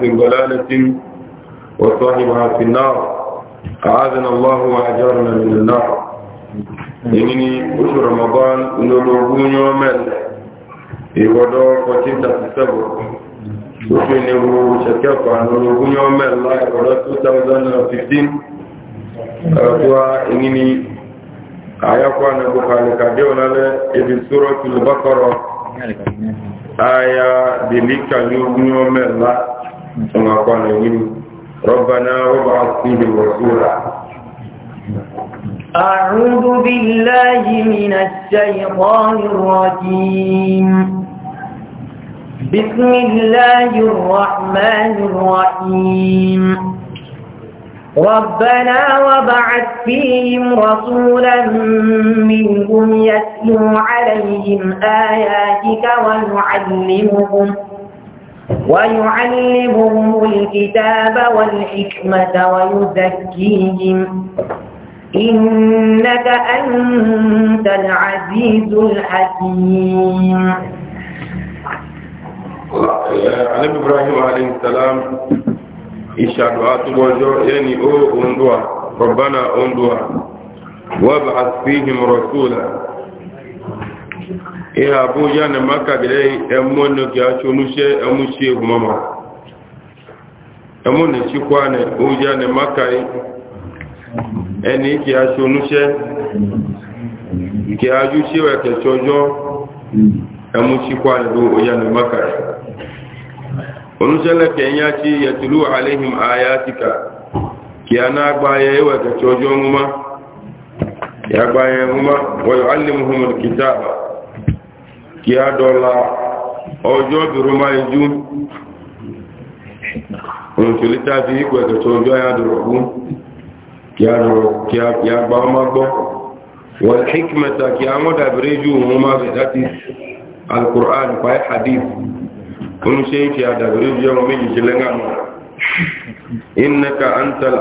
في ضلالة وصاحبها في النار أعاذنا الله وأجارنا من النار إنني أشهر رمضان نلوغون يومين إبادو فتين تتسبب أشهر شكاكا نلوغون يومين لا إبادو 2015 أردوا إنني أعيقوا أن أبوكالك ديونا لإبن سورة البقرة آية دليل كان يومين كما قال يقول ربنا وابعث فيهم رسولا أعوذ بالله من الشيطان الرجيم بسم الله الرحمن الرحيم ربنا وبعث فيهم رسولا منهم يتلو عليهم آياتك ويعلمهم ويعلمهم الكتاب والحكمة ويزكيهم إنك أنت العزيز الحكيم على إبراهيم عليه السلام إشهد أتوب يعني أو أندوها ربنا أندوها وابعث فيهم رسولا ihe abụja na makagide emụnụ gị achọ onuse emusi egwumama emụnụ chikwa na ụja na makai ẹni kí achọ onuse kí ajụ siwe kẹsọjọ emusikwa na ụja e. na makai onuse lẹkẹ ya chi yẹtulu alehim ayatika kí a na-agba ya iwe e kẹsọjọ nwụma ya agba ya nwụma wọ́n yọ alimuhumul kitaba kí á dọ́la ọjọ́ dúró máa ijú ohun tó lítà fi ikú ẹ̀kẹ̀ tó ọjọ́ ya dúró kú kí á dúró kí á gbá ọmọ gbọ́ wọ́n hikmeta kí á mọ́ dàbírí ju ohun máa fi láti alkùrán pàí hadith ohun ṣe ń fi àdàbírí ju ọmọ méjì ṣe lẹ́ngà mọ́ innaka antal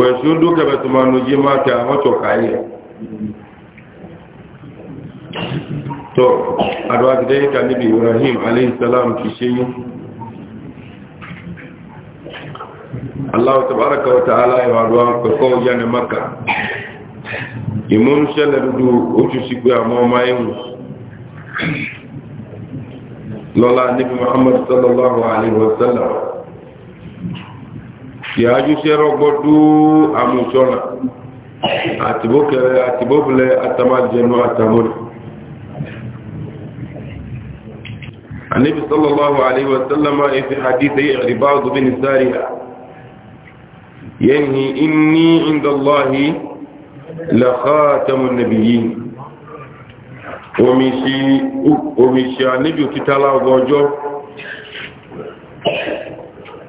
wẹ̀sùn dúkẹ́ bẹ̀ tó máa nù jí máa kẹ àwọn ọ̀tọ̀ káyé tó àdúrà ti dẹ́yìn níbi ibrahim aleyhisselam ti ṣe yí aláwọ̀ tàbárakà wata aláyọ̀ àdúrà pẹ̀kọ́ yánà maka ìmúnṣẹ́lẹ̀ dúdú oṣù sí pé àmọ́ ọmọ ẹ̀wù lọ́la níbi muhammad sallallahu alaihi wasallam yàájú sẹ́rọ gbọ́dú àmúṣọ́nà àtìbókẹrẹ àtìbóbulẹ̀ àtàmájẹnu àtàmúrì النبي صلى الله عليه وسلم في حديث عرباض بن سارية ينهي إني عند الله لخاتم النبيين ومشي ومشي النبي كتلا وجوه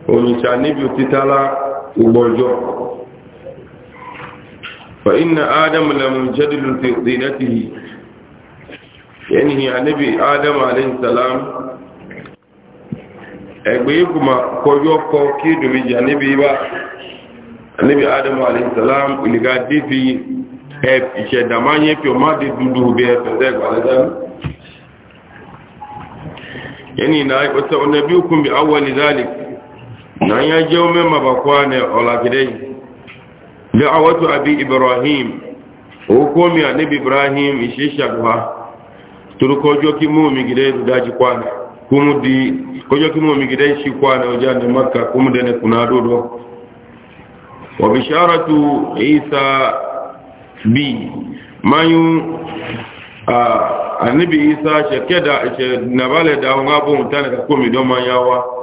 onitsha níbi òtítàlá ògbọ́njọ́ fa inna adam lamun jadilu fi zinatihi yanihi anabi adam alayhi salam ẹgbẹ́ yìí kuma kọjọ́ kọ kí domi jẹ́ anabi bá anabi adam alayhi salam ìlíga dé fi ìṣẹ̀dàmá yẹn fi ọmọ adé dúdú bí ẹ fẹ́ sẹ́gbà lẹ́sẹ̀rú yanihi na ọ̀sẹ̀ ọ̀nà bí ó kún bí awọ́ ni zalik n'anya jẹ́ ome mabakwa na ọlagidai da awatu abi ibrahim okomi a nabi ibrahim ishe shagwa turko joki momi gida da daji kwana kuma di kojoki momi gida shi kwana wajen da makka kuma da na kuna dodo wa bisharatu isa bi mayu a annabi isa shakeda na bale da hun abun tana ka komi don manyawa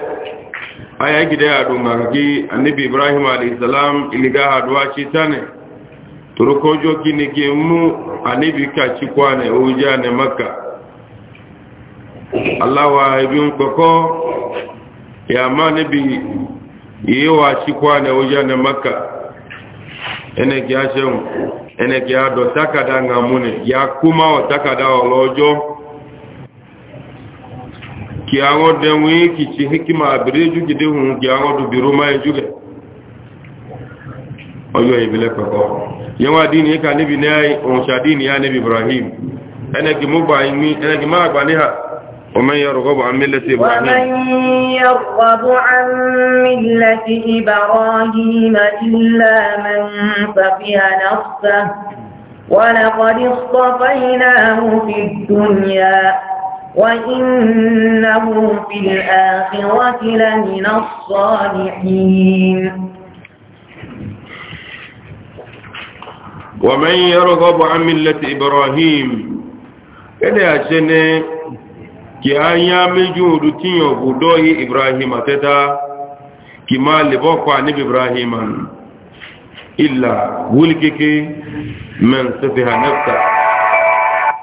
aya gida ya dunga kaki annabi ibrahim alaihissalam iliga haduwa ce ta ne turkojo gini ke mu annabi ka ci kwane oja ne maka allawa ibin koko ya ma annabi yi wa ci kwane oja ne maka ene ki a ṣeun ene ki a takada nga mune ya kuma wa takada ọlọ́jọ́ ki awo denwe ki ci hikima abire jugi de hun ki awo du biro mai juge oyo ibile peko yewa dini ka nibi ne ai on sha dini ya ibrahim ene ki muba imi ene ki ma gba ni ha ومن يرغب عن ملة إبراهيم ومن يرغب عن ملة إبراهيم إلا من سفه نفسه ولقد اصطفيناه وإنه في الآخرة لمن الصالحين ومن يرغب عن ملة إبراهيم إذا أشنى كي أيام جود تيو بدوه إبراهيم أتتا كما لبقى عن إبراهيم إلا ولكك من سفها نفسه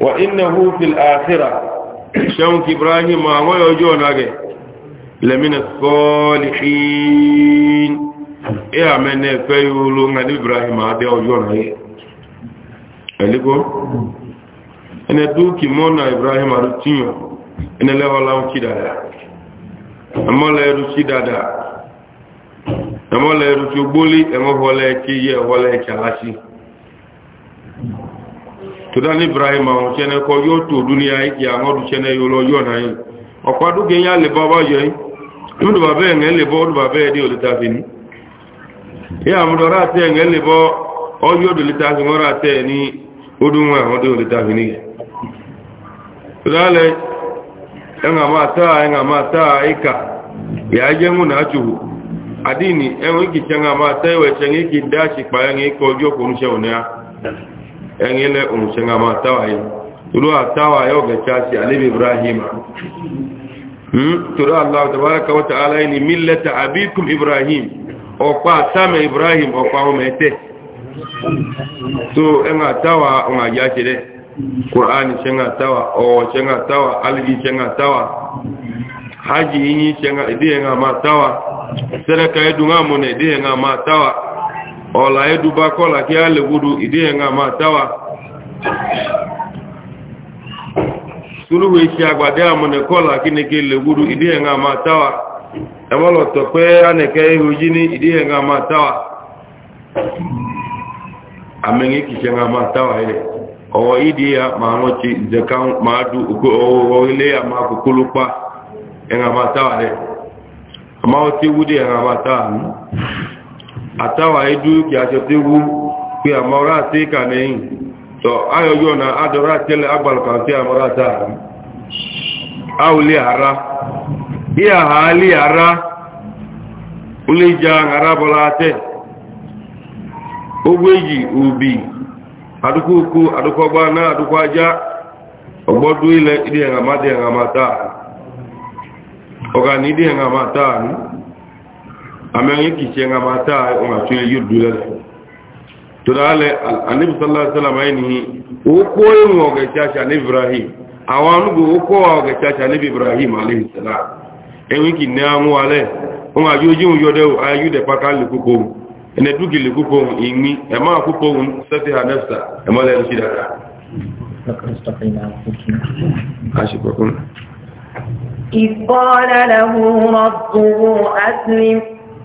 wa innahu fil akhirah shanki ibrahim àwọn ọjọ́ nage lamina salihin e amene pe yulu ngani ibrahim ade ọjọ́ nage eliko ene duki mona ibrahim arutinyo ene lewala ukidada amola erukidada amola eruki gboli tudan ibrahima o tiene ko yo to dunia yi ya ngodu tiene yo lo yo nai o kwa du gen ya le baba yo yi ndu ba be ngel le bo du ba be di o ta fini ya mu do rate ngel le bo o yo du le ta fini o rate ni o du ma o du le ta fini tudale enga ma ta enga ma ta ika ya je ngu na chu adini e wi ki tanga ma ta we chenge ki da chi pa ngi ko jo ko nu che o ne ẹ̀yìn lẹ́ òmùsẹ̀ngà máa táwàáyé torí àtàwàáyé ọ̀gẹ̀chá sí alébì ibrahima torí aláwọ̀ tàbárakà wata aláyé ni mílẹ̀ta àbíkùn ibrahim ọ̀pá hmm? àtàmẹ̀ ibrahim ọ̀pá ọmọ ẹ̀tẹ́ tó ẹ̀ngà táwà ọ̀nà yá ṣe rẹ̀ kùránì ṣẹ́ngà táwà ọ̀wọ̀ ṣẹ́ngà táwà alìjì ṣẹ́ngà táwà hajji yìí ṣẹ́ngà ìdíyẹ̀ngà máa táwà sẹ́rẹ̀kà ẹ̀dùn àmúnẹ̀ ìdíyẹ̀ngà máa ọ̀la ẹdùbá kọ́là kí á lè wúdú ìdí ẹ̀ngà máa táwà sùlùwẹ̀ iṣẹ́ àgbàdé àmúnẹ̀ kọ́là kí ní kí lè wúdú ìdí ẹ̀ngà máa táwà ẹmọ́lọ̀ tọ̀pẹ́ ánẹ̀kẹ́ ìhòjí ní ìdí ẹ̀ngà máa táwà máa táwà àtàwà idú kí a ṣe tí wú pé àmọ́ra tí kà nẹ́yìn tọ́ ayọ̀yọ́ na adọ́ra tẹ́lẹ̀ agbàlùkà tí àmọ́ra tààrà áwùlé ara bí àhálí ara ulé ìjà ara bọ́lá tẹ́ ogbó èyí òbí àdúkòkò àdúkọgbá náà àdúkọ ajá ọgbọ́dún ilẹ̀ ìdí ẹ̀ràmá amẹ́rin kìíṣẹ́ ń la táà ọmọ tún yóò dúró lẹ́sẹ̀ tó o aníbùsọ́lásọ́lámà ẹni ókó ìwọ̀n ọ̀gẹ̀ṣàṣà ní ibrahim àwọn anúgbò ókó ọ̀gẹ̀ṣàṣà ní ibrahim aléhìsẹ́lá ẹ̀wìn kì ní àwọn alẹ́ ọmọ àjójú yọdẹ́ ayúdẹ̀ pátá lèkókòm ẹ̀nẹ́ dúkì lèkókòm ìní ẹ̀má àkókòm sẹ́fẹ́ anẹ́fẹ́sà ẹ̀mọ́lẹ́ ẹ̀ṣì dára إذ قال له ربه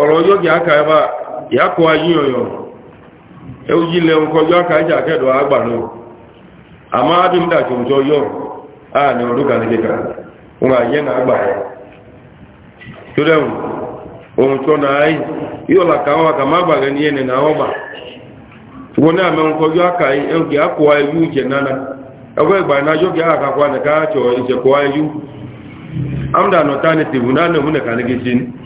ọ̀rọ̀ ọjọ́ kí aka ẹba ìyàkọ̀ ayé ọ̀yọ̀ ẹwùjí lẹ́un kọjọ́ aka ẹjà kẹ́dọ̀ a a máa dùn dà jọjọ yọ ààrẹ ọdún wọn àyẹ́ na àgbà ọrụ tó dẹ̀wù ohun tó náà ayé yóò làkà wọn àkà má gbàgbẹ́ ní ẹnì náà ọgbà wọn náà aka akọ̀ nánà ìgbà náà aka kọ́ ìjẹ̀kọ̀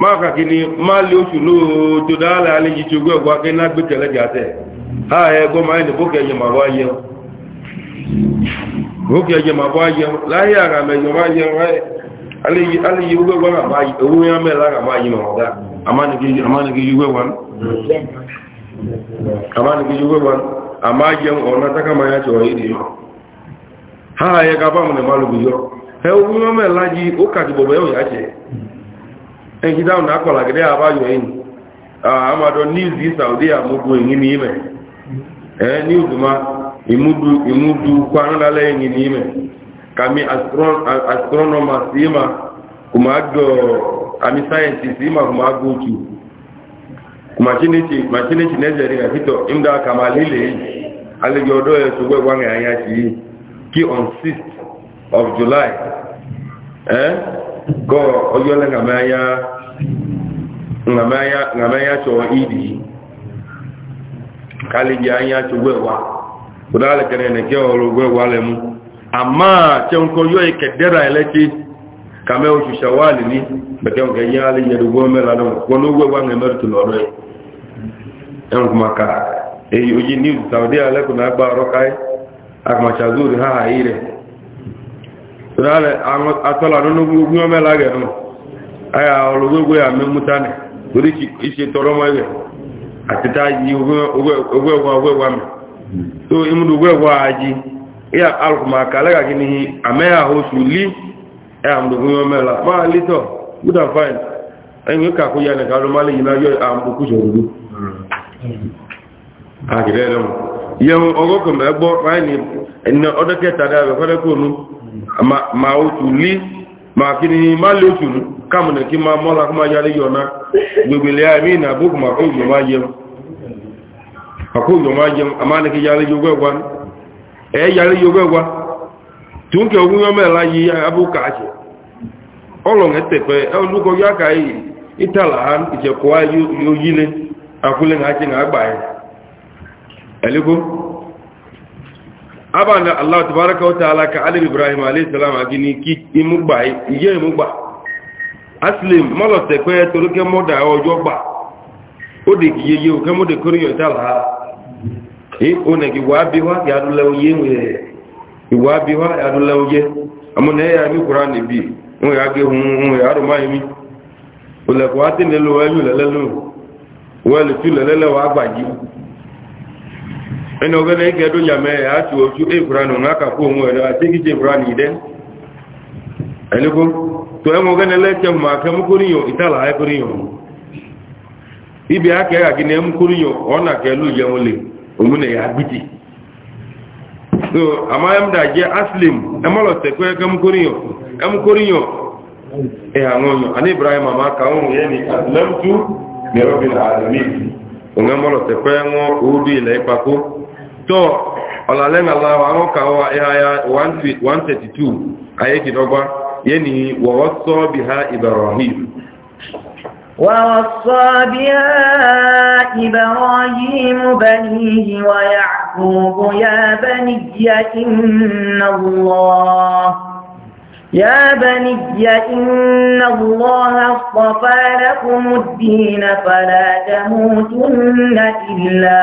máa kàkí ni máa lè oṣù lóòótọ́ dáhàlà alẹ́ tí ogún ẹ̀gbọ́n akẹ́ ha máa ń dìbò kẹ̀yẹ̀ màá bọ́ ayẹ́ ọ́ kẹ̀yẹ̀ màá bọ́ ayẹ́ ọ́ láyé àràmẹ̀ yọ̀ máa yẹ ọ́ alẹ́ yìí ogún ẹ̀gbọ́n àbá owó yẹn mẹ́rin lára àbá yìí màá dá amánigi yúgbẹ́ wọn àmá jẹun ọ̀nà tákàmà ha ẹ̀ ẹnkí dáhùn náà kọ̀lá gẹ́gẹ́ àbáyọ̀ yìí àmàdọ̀ news yìí saudi àmúgbò yìí ní ìmẹ̀ ẹ̀ news ma ìmúdu kwanúlálẹ̀ yìí ní ìmẹ̀ kàmi astronomers yìí ma kò máa gbọ́ àmì scientists yìí ma kò máa gbọ́ òtù màchínìtì nẹ́sẹ̀rì àtìtọ̀ ìmúdá kàmà lílẹ̀ yìí alẹ́jọ́ ọdọ́ ẹ̀ sọgbẹ́ wọn àyà sí yìí kí on 6th of july eh? go ojo le ngama ya ngama cho idi kali ja ya cho wewa kudale kene ne ke oro wewa le mu ama che nko yo ikedera eleki kame oṣù ṣàwálì ní bẹ̀kẹ́ ọ̀gẹ̀ yẹ́ alẹ́ yẹ̀ dùgbọ́ mẹ́la náà wọ́n ló wẹ́wà ní mẹ́rìtì lọ́rọ̀ ẹ̀ ẹ̀rùn kùmà ká èyí ojì ní saudi alẹ́kùnrin agbá ọ̀rọ̀ káyé àkùmàṣàzúrì ha àyí tọ́lẹ̀ àtọ́là nínú gbogbo ọmọ ẹlágẹ̀ náà ayà ológbogbo yà mẹ́múta nì torí ṣe tọrọ mọ́ ẹgbẹ̀ àti tá yí ogwẹ́gbọ́ ogwẹ́gbọ́ mi tó imúdó ogwẹ́gbọ́ àjí ìyà alùpùpù àkàlẹ́gà kí ni àmẹ́yà oṣù lí ẹ̀yà mọ̀dọ̀gbọ́ ọmọ ẹlá máa lítọ̀ good and fine ẹ̀yìn kàkó yà ma ma otu li ma kini ma le otu kam ne ki ma mola kuma ya le yona gbegbele ya mi na book ma ko yo ma ye ko ma ye ki ya le e ya le yogo gwa tun ke ogun yo la yi abu ka che olon e ko ya ka yi itala han ije ko ayu yo yile akule e aba na allah tabaraka wa ta'ala ka ali ibrahim alayhi salam agini ki imugba iye imugba aslim malo te pe ke moda ojo gba o de ki yeye o ke mo de koriyo ta la e o ne ki wa bi wa ya du le oye we iwa bi wa ya du le ya mi qur'an bi o ya ge hun ya ro mi o le ko lo wa le le lo wa le le le wa ẹni ọgọ́nà ike ẹdún yàmẹ́ àti ojú ìfúranù lákàkó ohun ẹ̀rọ àti ìjíjẹ ìfúranù ìdẹ́ ẹnikó tó ẹmọ ọgọ́nà lẹ́kẹ́ mọ̀ akẹ́múkúríyàn ìtàlà ẹkúríyàn ibi akẹ́gà kí ni ẹmúkúríyàn ọ̀nà kẹlú ìyẹun lè òmùnà yà gbìtì so àmọ́ ẹmdà jẹ́ aslim ẹmọ́lọ̀tẹ̀ pé ẹmúkúríyàn ẹmúkúríyàn so ọ̀làlẹ́ nàláwà àwọn kàwà ẹ̀hàyà 132 ayékìdọ́gbá yẹ́ni wọ̀wọ́ sọ bí ha ibrahim ووصى بها إبراهيم بنيه ويعقوب يا بني إن الله يا بني إن الله اصطفى لكم الدين فلا تموتن إلا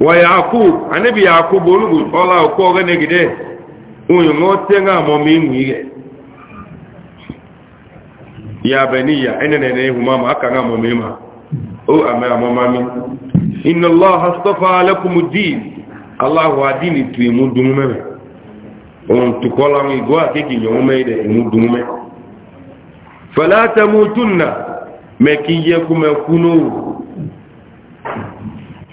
wa yakub anabi yakub olugu ọla ọkọ ọgẹ negide onye ṅụọ tenga amọm ịṅụ ihe ya ni ya, ene na ene ihu mama aka nga amọm ịma o ame amọmami inna allah astafa alakum din allah wa din tu imu dumume me on tukola mi go akeki nyomume ide imu dumume fala tamutunna mekiye kumekunu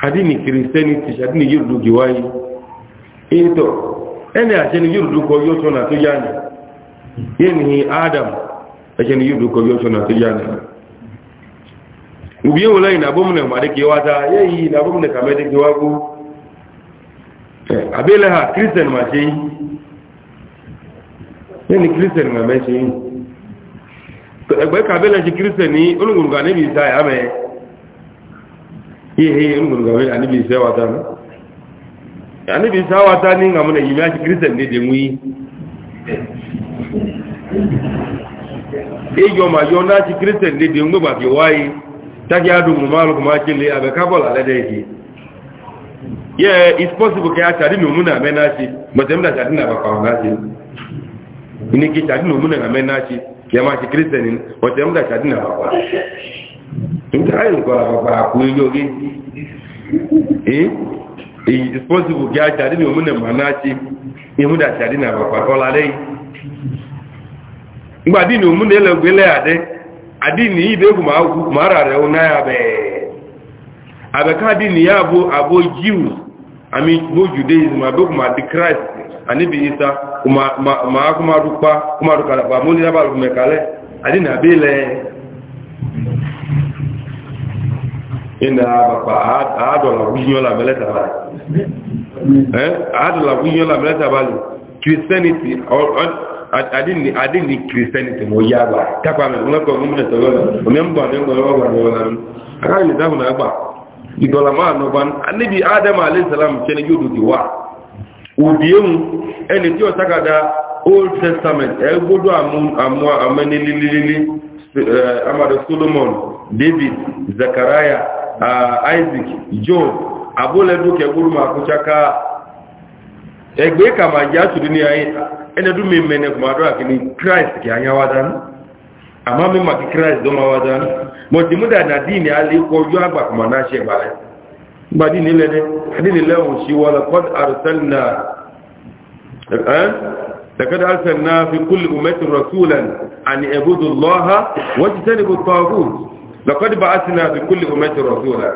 adini christianity adini yorudu giwayi eto ẹni àṣẹni yorudu kọ yóò ṣọ́nà tó yá ni yẹni adam àṣẹni yorudu kọ yóò ṣọ́nà tó yá ni òbí yóò lẹ́yìn àbọ́mùnẹ̀ màdékewátá yẹ́yìn àbọ́mùnẹ̀ kàmẹ́dékewágó àbílẹ̀ ha christian ma ṣe yẹ́ni christian ma mẹ́ ṣe ẹgbẹ́ ihe rungun gawe anibi isa wata ne anibi isa wata ne ga muna yimi aki kristian ne de nwi eyo ma yo na aki kristian ne de ngbe ma fi wayi ta ki adu mu malu kuma ki le abe ka bola it's possible ke ata ri mu na me na chi but em da ta na ba pa na chi ni ki ta ri mu na me na chi ya ma ki kristian ni but em da ta na ba e nǹkan àpapọ̀ àpò ilé orí èyí ìsọ́sìbò kí a jàdí ní òmìnà màá náà ṣe ìmúdà jàdí ní àpapọ̀ àkọ́lá lẹ́yìn nígbàdí ní òmìnà ẹlẹ́gbẹ̀lẹ́ àdẹ́ àdí ní ìbẹ́gù máa rà rẹ̀ náà bẹ̀ẹ̀ àbẹ̀káàdì ní àbò àbò abụ àmì bó judaism di christ isa ina bapa adola wunyola meleta bali eh adola wunyola meleta bali christianity adini adini christianity mo yaba takwa me ngako ngumne tolo o memba de ngoro wa ngoro na aka ni dahu na gba idola ma no ban anibi adam alayhi salam chene yudu diwa ubiemu eni ti o old testament e godo amu amu amene lililili eh, amado solomon david zakaria Ah, isaac john abúlẹ́dún kẹgbúrú ma kú ṣaká ẹgbẹ́ kàmà yá ṣùdú ní ayé ẹnẹ́dún mi mẹ́nẹ̀ kùmàdúrà kì ní christ kì á yá wá àmá mi mà kí christ dọ́mà wá dání mọ̀tìmúdà nàdíìnì alẹ́ kọjú àgbà kùmà náà ṣe gbàlẹ̀ gbàdí nílẹ̀ dẹ́ adínì lẹ́wọ̀n sí wọlé kọ́d àrùsẹ́lìnà لقد أرسلنا في كل أمة رسولا أن اعبدوا الله واجتنبوا الطاغوت lọ́kọ́dì bá ti náà tukú lè ọmọ ìtọ̀rọ̀ tó rà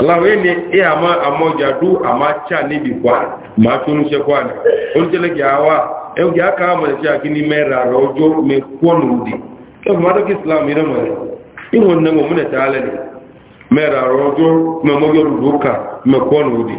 aláwọ̀ yìí ni ẹ àmọ́ àmọ́jà dú àmọ́ chá níbi kwa ma tó ń ṣe kwa ní oúnjẹ́lẹ̀ gẹ̀ àwà ẹgbẹ̀ aka àmọ́ ìṣẹ́ àkíní mẹ́ra rọ ọjọ́ mẹ́kọ́nù dì kẹfù má dọ́kì islam yìí rẹ̀ ìwọ̀n náà mọ̀ múnẹ̀ tààlẹ̀ ni mẹ́ra rọ ọjọ́ mẹ́mọ́jọ́ lùdókà mẹ́kọ́nù dì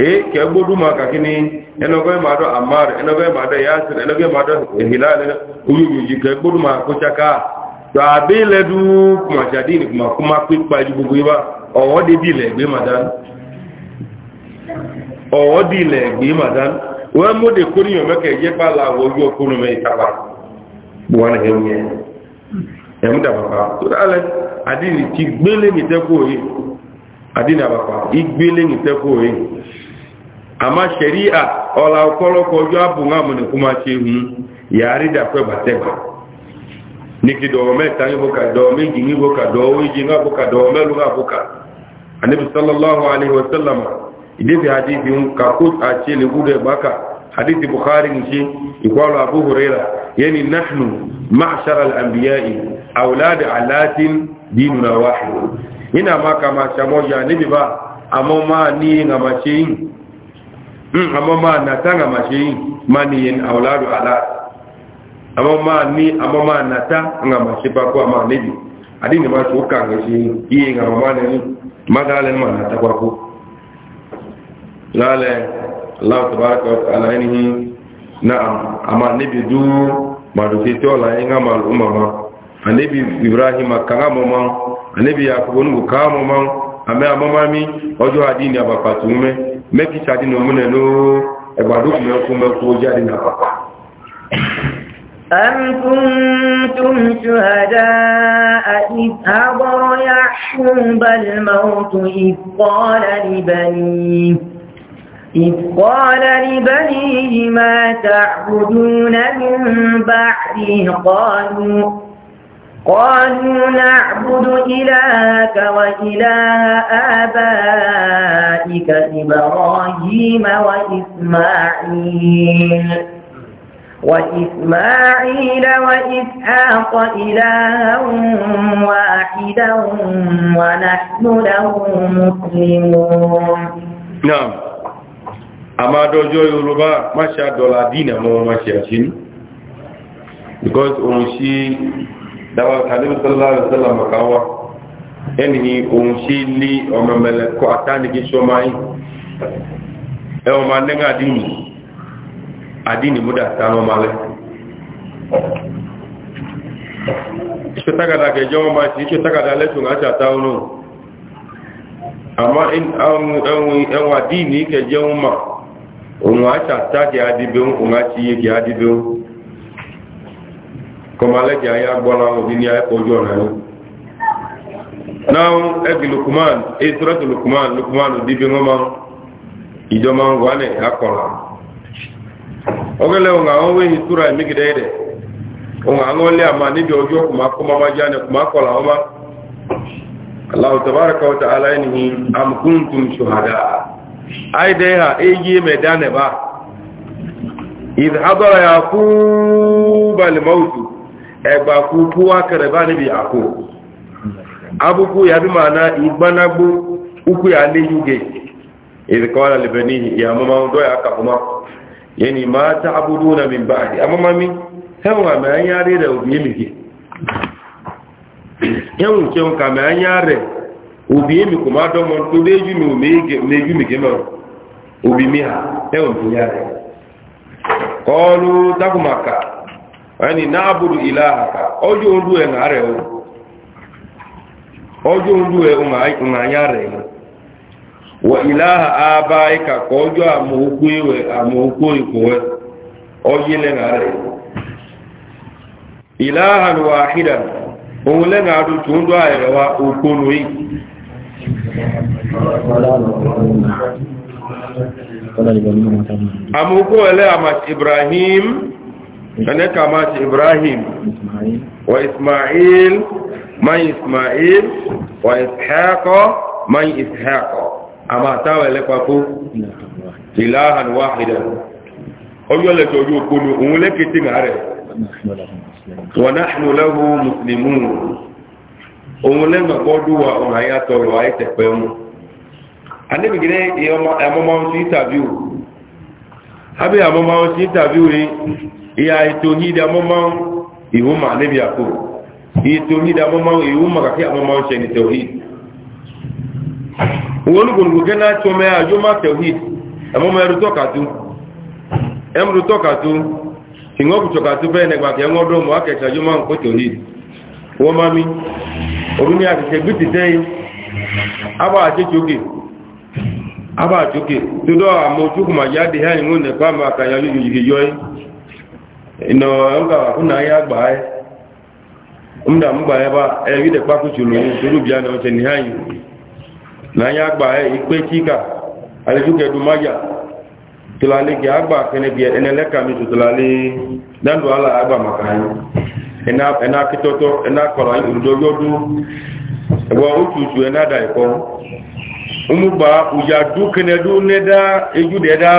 ee eh, ka egbodu maka kini enogo imado amar enogo imado yasir enogo imado hilal uyuyuji ka egbodu maka kuchaka to abile du kuma jadini kuma kuma pipa ju gugu iba owo de bile gbe madan owo dile gbe madan we mo de kuri yo meke je pala wo ju me to ale adini ti gbele te ko yi adini abapa igbele te ko yi ama sheria ọla ọkọlọkọ ọjọ́ abụghị amụnị kuma ṣe hu yàrá ìdàpẹ́ bàtẹ́gbà nìkì dọ̀wọ́ mẹ́ta yìí bó ka dọ̀wọ́ méjì yìí bó ka dọ̀wọ́ ìjì yìí bó ka dọ̀wọ́ mẹ́lú yìí bó ka anabi sallallahu alayhi wa sallam ìdífi hadithi ń ka kó àti lèkúdọ̀ ìbáka hadithi bukhari ń ṣe abu huraira yẹni nahnu ma'ashara al'ambiya'i aulada alatin dinuna wahid yana ma kama shamoja anabi ba amma ni yin amace Mm, amma ma na ta ga ma yin maniyin auladu ala amma ni amma ma na ta ga mace ba ko amma nabi adin ihe shi yi ma ni ma na ta ko lale Allah tabaraka wa ta'ala yanihi na'am amma du ma du ke to la ma ibrahim ma mi ojo mẹ́kì sáàdì ní ọmọ ẹ̀lú ẹgbàdó mẹ́kú mẹ́kú jáde náà pàpà. أم كنتم شهداء إذ حضر يعقوب الموت إذ قال لبنيه إذ قال لبنيه ما تعبدون من بعدي قالوا قالوا نعبد إلهك وإله آبائك إبراهيم وإسماعيل وإسماعيل وإسحاق إلها واحدا ونحن له مسلمون نعم أما دوجو يوروبا ما شاء دولا دينا ما شاء شين because òun ṣe dawa kanibu sallallahu alaihi wasallam kawa eni ni shili o ko atani ki shomai e o manenga adini adini muda tano male icho takada ke jomo ma ti icho takada le tun acha tauno ama in an an an adini ke jomo ma on acha ta ke adibe on achi ye ke adibe kɔmalɛ dza ya gbɔla odini ayɛ kpɔdzɔ nani n'awo ɛdi lukuman esurɔti lukuman lukuman odibi ŋɔma idɔma ŋgɔanɛ akɔla ɔkɛlɛ ŋa ɔwɛ yi sura yi miki dɛyi ama níbi ɔdzɔ kuma kuma kɔla ɔma ha eyi ẹgbà kú kú wá kẹrẹ bá níbi àkó abúkú yàdú máa ná ìgbanágbó ukú yà lé yúgẹ ìdíkọ́wàlá lẹ́bẹ̀ ní ìyàmọ́má dọ́yà kàfọ́má yẹn ni máa tá abúdó na mi báyìí amọ́má mi hẹ́wọ̀n àmì ayá rẹ̀ òbí èmìkì hẹ́wọ̀n má dọ́mọ tó léjú mi ò mi òbí mi hà tó rẹ̀ dákùmàkà ani naabudu ilahaka ojo ndu e ngare o ojo ndu e unga unga nyare wa ilaha abaika kojo amukuiwe amukui kuwe oyile ngare ilahan wahidan unle ngadu tundu ayewa ibrahim ɗane ibrahim wa ismail man ismail wa ishaqa man ishaqa a mata wa lẹ́pàkó ilahan wahida ọjọ́ lẹ́kẹ̀ ojú okúnu òun lẹ́kẹ̀ tí ga rẹ̀ wà náà lẹ́hu musulmi òun lẹ́mẹ̀kọ́dúwà ọ̀nà ayátọrọ̀ ayẹ́tẹ̀pẹ̀ mú a níbìgínẹ́ ìyọmọ́ iya itohidi amama iwu ma iwu ma kaki amama nche ni tauhid olugbonugo ke na-achọ mee ajụ ma tauhid amama erutọkatu emrutọkatu tinwọbụchọkatu bee negba ka enwe ọdụ ụmụ aka echa ajụ ma ko tauhid wọmami oruni akeke gbitite agbaghachichi oge agbaghachi oge tụdọ amaochukwu ma ya adịghị anyị nwụ nekwa ma aka ya yoyi nọkụ na ahịa mda m gbaa ebe eh, a egide kpakụchuru usoro bịa na oche na ha yi na anya gbaa ikpe chika alitukedu maja tụlali gị agba kenegi enele ka mi tụtụlali na ndụ ala agba maka anyị ena akịtọtọ ena akọrọ anyị urudogodu ebe otu utu ena ada ikọ ụmụ gbaa uja du kenedu neda ejude ebe a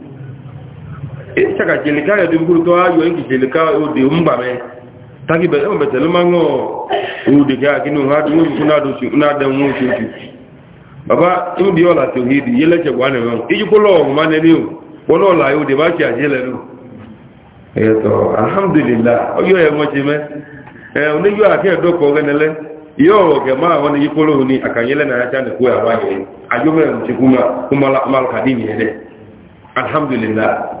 saka jelika yɛ dubukuru to ayo eki jelika o de o ŋgba taki ebe ɛmɛ tɛlɛ ma ŋɔ o de kɛ akini o ha do o do si n'a si baba ibi bi si tewu hidi, di iji ko o wɔlɔ ɔla yi o de b'a ti a yɛlɛ do o alihamudulilayi ɔyɔ yɛ ma yi kolo ni a ka n'a ya ca ne ko yɛ a b'a a kuma kuma la ka di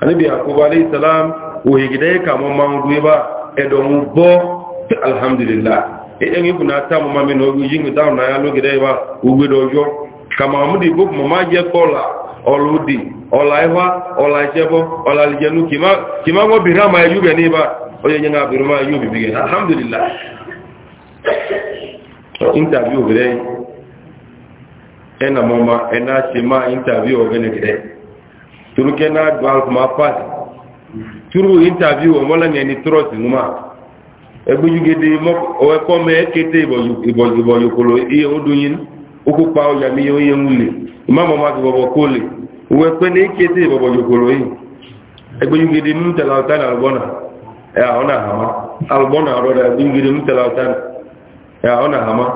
anibi yakubu alayhi salam ohigide ka mo ma ngui ba edo mu alhamdulillah e engi kuna ta mo ma mi no na ya lo gide ba ugbe do kama mu di book mo ma je kola oludi ola iwa ola kima kima ya ni ba oye nyanga birama ya yube bige alhamdulillah interview gide ena mama ena interview turu ke na do al kuma pass turu interview o mo la ni ni trust nguma e bu jugede mo o ko me kete ibo ibo ibo yokolo e o dunyin o ko pa o ya mi o ye mule imam ma ko bo ko le o we pe ni kete ibo ibo yokolo yi e bu jugede nu ta la ta na bona e a ona ha ma al bona ro da jugede nu ta la ta e a ona ha ma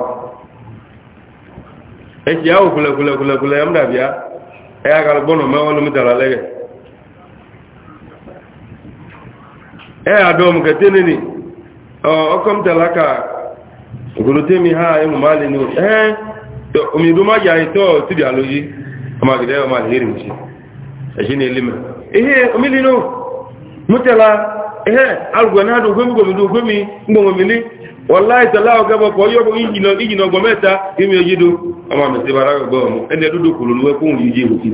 e ya a o kule kule kule kule am da bia ẹ̀yà galùgbọ́nà mẹ́wọ́n ló mítàlá lẹ́gẹ̀ ẹ̀yà dọ́m kẹtẹ́ nìní ọkọ̀ mítàlá ka ògùnlótẹ́mi ha ma ní ẹ́ omidó má yà ìtọ́ tíbi àlóyí ọmọgidẹ́ ọmọ ehe alụgwe na adụ ugwemi gbomedo ugwemi mgbomomili ọla itala ọgaba ka onye ọbụla iji na ọgbọmeta ime ojido ama mesibara gbọm ene dudu kwuru n'uwe kwa nwunye iji ehuki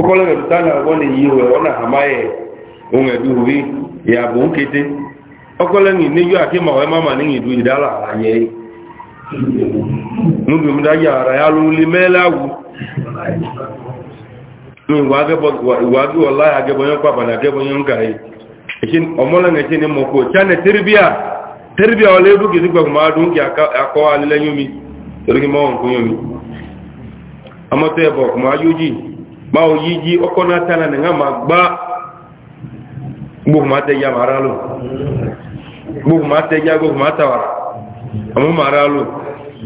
ọkọlọ na-eduta na ọgbọ na-eyi iwe ọ na-amaghị onwe dị uwe ya bụ nkịtị ọkọlọ ma ọ ma ma n'enyi n'ubi daji ara ya lụli meela agwụ onye na agịbọ onye nka ekin omola nga ekin moko chane terbiya terbiya wale du ki zikwa kuma du ki akọ alile yomi tori ki mawon kun yomi amma to ebo kuma yuji ma o yiji oko na tana nga ma gba gbo kuma te ya maralo gbo kuma te ya gbo kuma tawara Ama maralo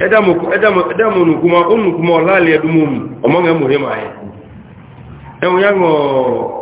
ẹdá mo nù kuma ó nù kuma ọ̀lá àlẹ́ ẹdún mọ́ mu ọmọ nga mo hẹ́ máa yẹ ẹ̀wọ̀n yá ń wọ̀ ọ́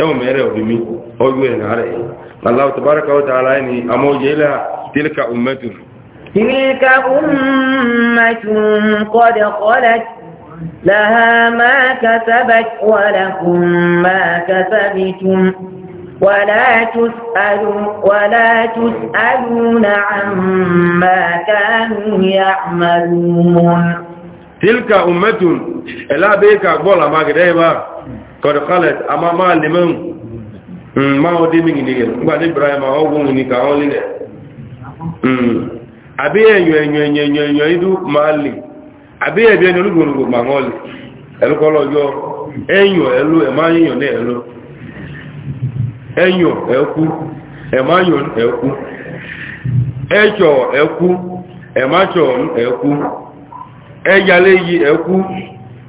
ẹwọ mẹ́rẹ̀ ọ̀bìmí ọjọ́ ẹ̀nà rẹ̀. Aláwọ̀ tàbárakà wata aláyé ni a mọ́ yẹ́ ilẹ̀ tílkà ummetun. Tílkà ummetun kọ́dẹ̀ kọ́lẹ̀ láha máa kàtàbàt wàlá kún máa kàtàbìtún wàlá tùsàlùnà àmà kánú yà màlúmùn. Tílkà ummetun, ẹ̀lá bẹ́ kọ̀dọ̀ kálẹ̀ a máa máa lè ọ máa ọdé mìí nìyẹ̀ enyo enyo enyo enyo enyo káwọn lílẹ̀ àbí ẹ̀yọ̀ ẹ̀yọ̀ ẹ̀yọ̀ ẹ̀yọ̀ idú máa lè àbí ẹ̀bí ẹni olúgbòrògbò máa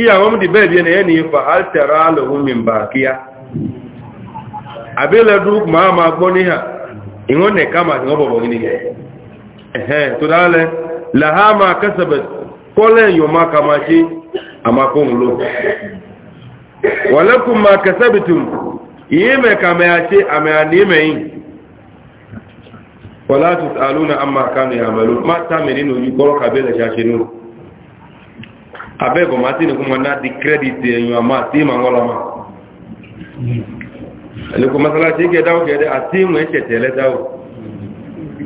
ìyàwó mú di bẹ́ẹ̀ bí ẹni fa altera lòun mi bà kíá àbílẹ̀dú máa ma gbọ́ níhà ìwọ́n nẹ̀ká ma ti wọ́n bọ̀bọ̀ gíní ẹ̀hẹ́ tó dálẹ̀ làhá ma kẹsẹ̀bẹ̀ kọ́lẹ̀ yóò má ka ma ṣe àmàkóhun ló wọ́lẹ́kùn ma kẹsẹ̀bìtùm ìyẹ́mẹ̀ ka mẹ́ ṣe àmì àníyẹ́mẹ̀yìn wọ́lá tùsàlú na àmàkánu yàmẹ̀lú má tàmì nínú yìí kọ́rọ̀ kàbẹ́lẹ̀ ṣàṣẹ́nú abẹ́bọ̀ máa tí ní kúmọ̀ náà di kírẹ́dìtì ẹ̀yìn àmá àti ìmọ̀ ọlọ́mà ẹ̀lẹ́kùn masalasi gẹ́dáwó gẹ́dẹ́ àti ìmọ̀ ẹ̀ṣẹ̀tẹ̀ lẹ́dáwó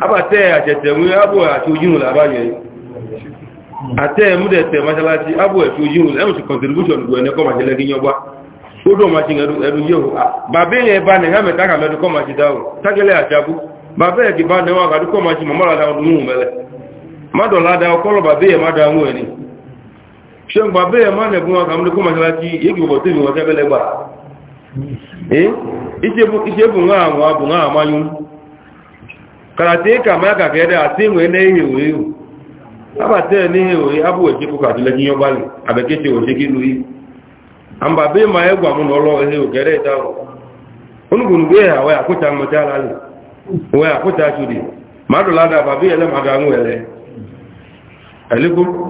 abàtẹ́ àṣẹ̀tẹ̀ wí ábò àti ojúhùn làbáyẹ̀ àtẹ́ múdẹ̀tẹ̀ masalasi ábò àti ojúhùn ẹ̀mù ti contribution gbọ́ ẹni kọ́ màṣẹ́ lẹ́gí yọgbá ó dùn máa ṣe ẹ̀rù yóò bàbá ẹ̀ bá ní hàmẹ̀ tága mẹ́rin kọ́ máa ṣe dáwó tágẹ́lẹ̀ àṣàbú bàbá ẹ̀ kì bá ní wọn àkàdúkọ́ máa ṣe mọ̀mọ́ra dáwọn ṣe ń gba bẹ́ẹ̀ máa nẹ̀gún wa kàmúlé kó màṣẹ́lá tí yéèkì bọ̀bọ̀ tí ìwọ̀n tẹ́bẹ̀lẹ̀ gbà ìṣẹ́bùn àwọn abùn àmáyún kàràtíkà máa kàkẹ́ẹ̀dẹ̀ àti ìwọ̀n ẹ̀nẹ́ ìhèwò ihò lábàtẹ́ ní ìhèwò abúwò ìṣẹ́kù kàtílẹ̀ ní yọ́bálì àbẹ̀kẹ́ṣẹ́ òṣèkí lu yìí àmbà bẹ́ẹ̀ máa ẹgbà mú lọ́lọ́ ẹ̀hèwò kẹ́rẹ́ ìtàwọ̀ onígbòǹgbé àwẹ́ àkúta mọ̀tẹ́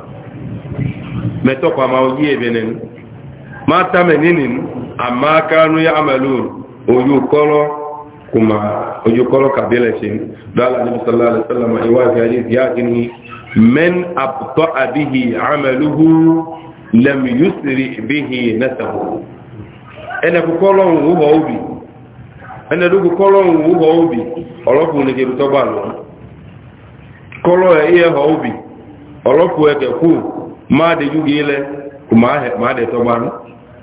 metọkwa ma oyi ebenen ma tameninin amma kanu ya amalun oyu kọlọ kuma oyu kọlọ kabilashin dala bihi kọlọ wu ho obi ene ku kọlọ wu ho obi olobu kọlọ e ho obi ma de yugi le kuma he ma de to ban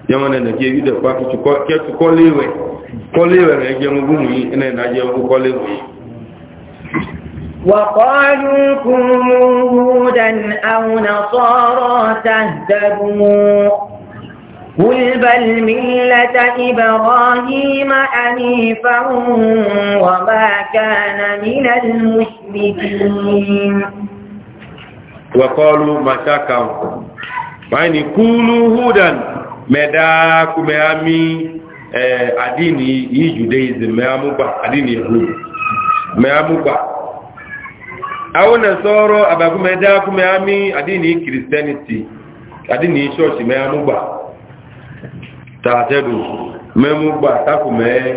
yama ne na ke yude kwa ki ko ke ko lewe ko lewe ne je mu yi ne na je mu ko lewe وقالوا كونوا هودا أو نصارى تهتدوا قل بل ملة إبراهيم أنيفا وما كان من المشركين وقالوا مشاكم يعني كونوا هودا مداك مهامي adini yi judaism meamugba adini yahudi meamugba àwọn nasoro abaku medaku meami adini christianity adini church meamugba taatedu memugba takume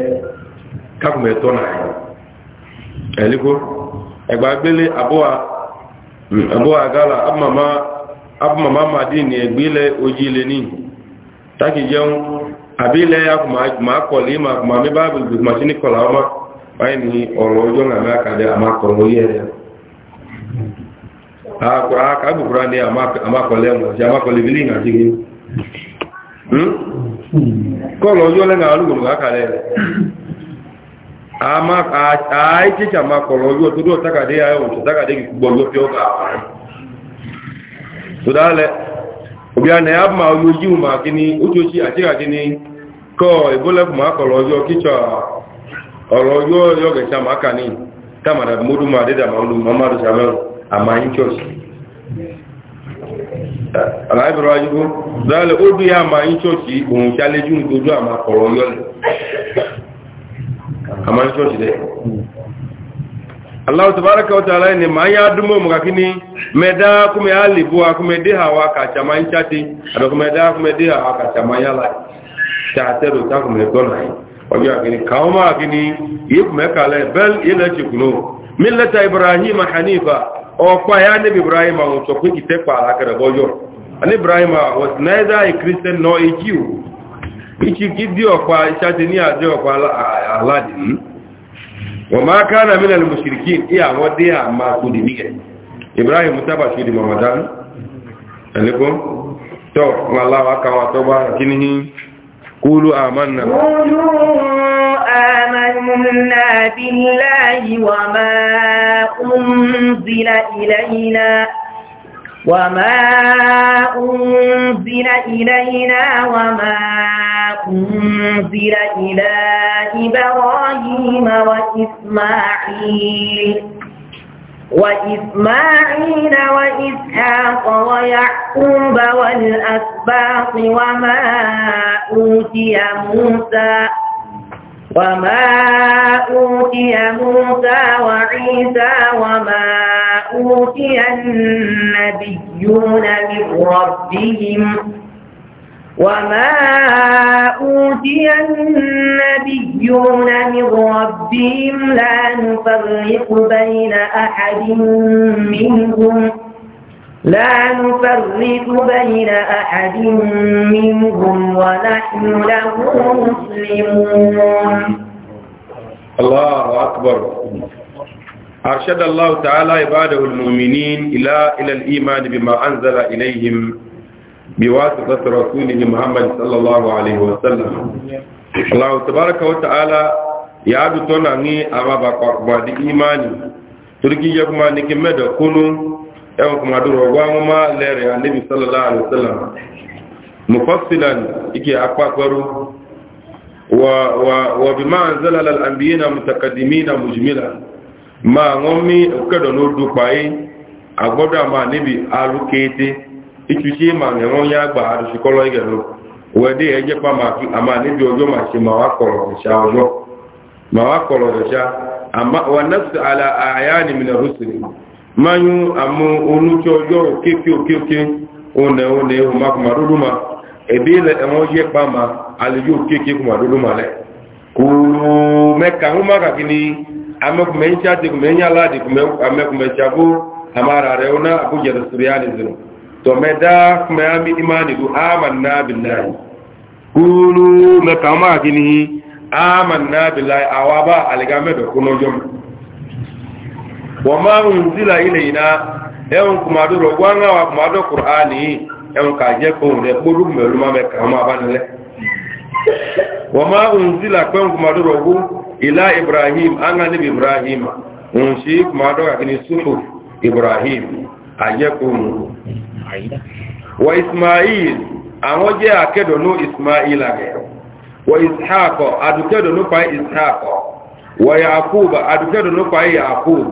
takume eliko egbagbele abu agala abu mama madini egbile ojile ni taki jẹun abile ya kuma ma kọli ma kuma mi ba bulu ma sini kọla ọma wáyé ni ọ̀rọ̀ ojú ọ̀nà mẹ́ta kàdé àmà kọ̀ọ̀rọ̀ àìjíjà máa kọ̀rọ̀ orí ọdún tó tágàdé ayọ̀ tó tágàdé gbogbo ọjọ́ fi ọgbà àpàrẹ́ tó dálẹ̀ òbí ànà ya máa orí ojú ma kí ní ojúṣí àtíkàkí ní kọ́ ìbólẹ́kù máa kọ̀rọ̀ ọjọ́ kíchọ̀ ọ̀rọ̀ ọjọ́ yọ̀gẹ̀ṣà máa kà ní tàmàdà mọ́dún máa dédà máa lù mọ́ máa dùsàmẹ́ àmà yín chọ́ọ̀ṣì aláìbẹ̀rẹ̀ ajúgbó dálẹ̀ ó dún yá máa yín chọ́ọ̀ṣì òun ṣálẹ́jú ojú àmà kọ̀rọ̀ ọjọ́ àmà ní ṣọ́ọ̀ṣì dẹ̀ aláwọ̀ tàbárakà ọ̀tà aláì ni ma ń yá dúnmọ̀ mọ̀ kí ní mẹ́dá kúmẹ́ àlèbó akúmẹ́dé àwọn akàtàmà ń jáde àdọ̀kúmẹ́dá akúmẹ́dé àwọn akàtàmà yálà tààtẹ́rù tákùmẹ́ gọ́nà ọjọ́ àkíní kàwọ́mọ́ àkíní yíkùmẹ́kàlẹ̀ bẹ́ẹ̀l ilẹ̀ ṣùkùnú mílẹ̀ta ibrahim hanifa ọ̀pá ya níbi ibrahim àwọn sọ pé kìtẹ́pà alákẹrẹ̀bọ́yọ̀ ìkìkí dí ọ̀pá ìṣàtẹ̀ ní àjẹ́ ọ̀pá aládìrí wọ́n máa ká náà mílẹ̀ mùsùlùkì ní àwọn dé àmà kúdì nígẹ̀ ibrahim tábà ṣe di mamadan ẹ̀lẹ́kọ́ tọ́ wọn aláwọ̀ وما أنزل إلينا وما أنزل إلى إبراهيم وإسماعيل وإسماعيل وإسحاق ويعقوب والأسباط وما أوتي موسى وما أوتي موسى وعيسى وما أوتي النبيون من ربهم وما أوتي النبيون من ربهم لا نفرق بين أحد منهم لا نفرق بين أحد منهم ونحن له مسلمون الله أكبر أرشد الله تعالى عباده المؤمنين إلى إلى الإيمان بما أنزل إليهم بواسطة رسوله محمد صلى الله عليه وسلم الله تبارك وتعالى يعد تنعني أما بقى إيماني تركي يكما مدى كنو ẹwọ kuma dúró wá wọn máa lẹ́rẹ̀ àníbi sọ́lọ́lá àlùsọ́lá mufasilan ike akpakwaru wa bi máa ń zẹ́lá lálàmbíyé na mutakadimi na mujimila máa wọ́n mí kẹ́dọ̀ ní odò pàáyé agbọ́dọ̀ àmà níbi alùkété ìtúsí ma ní wọ́n yá gbà àdùsíkọ́lọ́ ìgẹ̀lú wẹ́dí ẹjẹ́ pa àmà níbi ọjọ́ màá ṣe màá wá kọ̀rọ̀ ẹ̀ṣá mayu amu onuche ọjọ́ okeke okeke one one ihu ma kuma dodo ma ebe ile ẹwọn yẹ pa ma okeke kuma le kuru mẹka ń ma ncha amẹkumẹ ń ṣáde kumẹ ń yàrá de kumẹ amẹkumẹ ṣàbó amara rẹ ọna imani do amanna bilayi kuru ma awa wọ́n máa ń zílà ilẹ̀ iná ẹ̀hùn kùmàdó rọ̀ wọ́n àwọn kùmàdó kùránì ẹ̀hùn kà jẹ́ kóhùn rẹ̀ kpọ́dún mẹ́lú máa mẹ́ka ọmọ abánilẹ́ wọ́n máa ń zílà pẹ́hùn kùmàdó rọ̀ wọ́n ilá ibrahim anga ibrahim ń ṣe kùmàdó kàkiri sùfù ibrahim àjẹ́ kóhùn wọ́n ismail àwọn jẹ́ akẹ́dọ̀nú ismail àgẹ̀ wọ́n ishaq adùkẹ́dọ̀nú pa ishaq wọ́n yaakuba adùkẹ́dọ̀nú pa yaakubu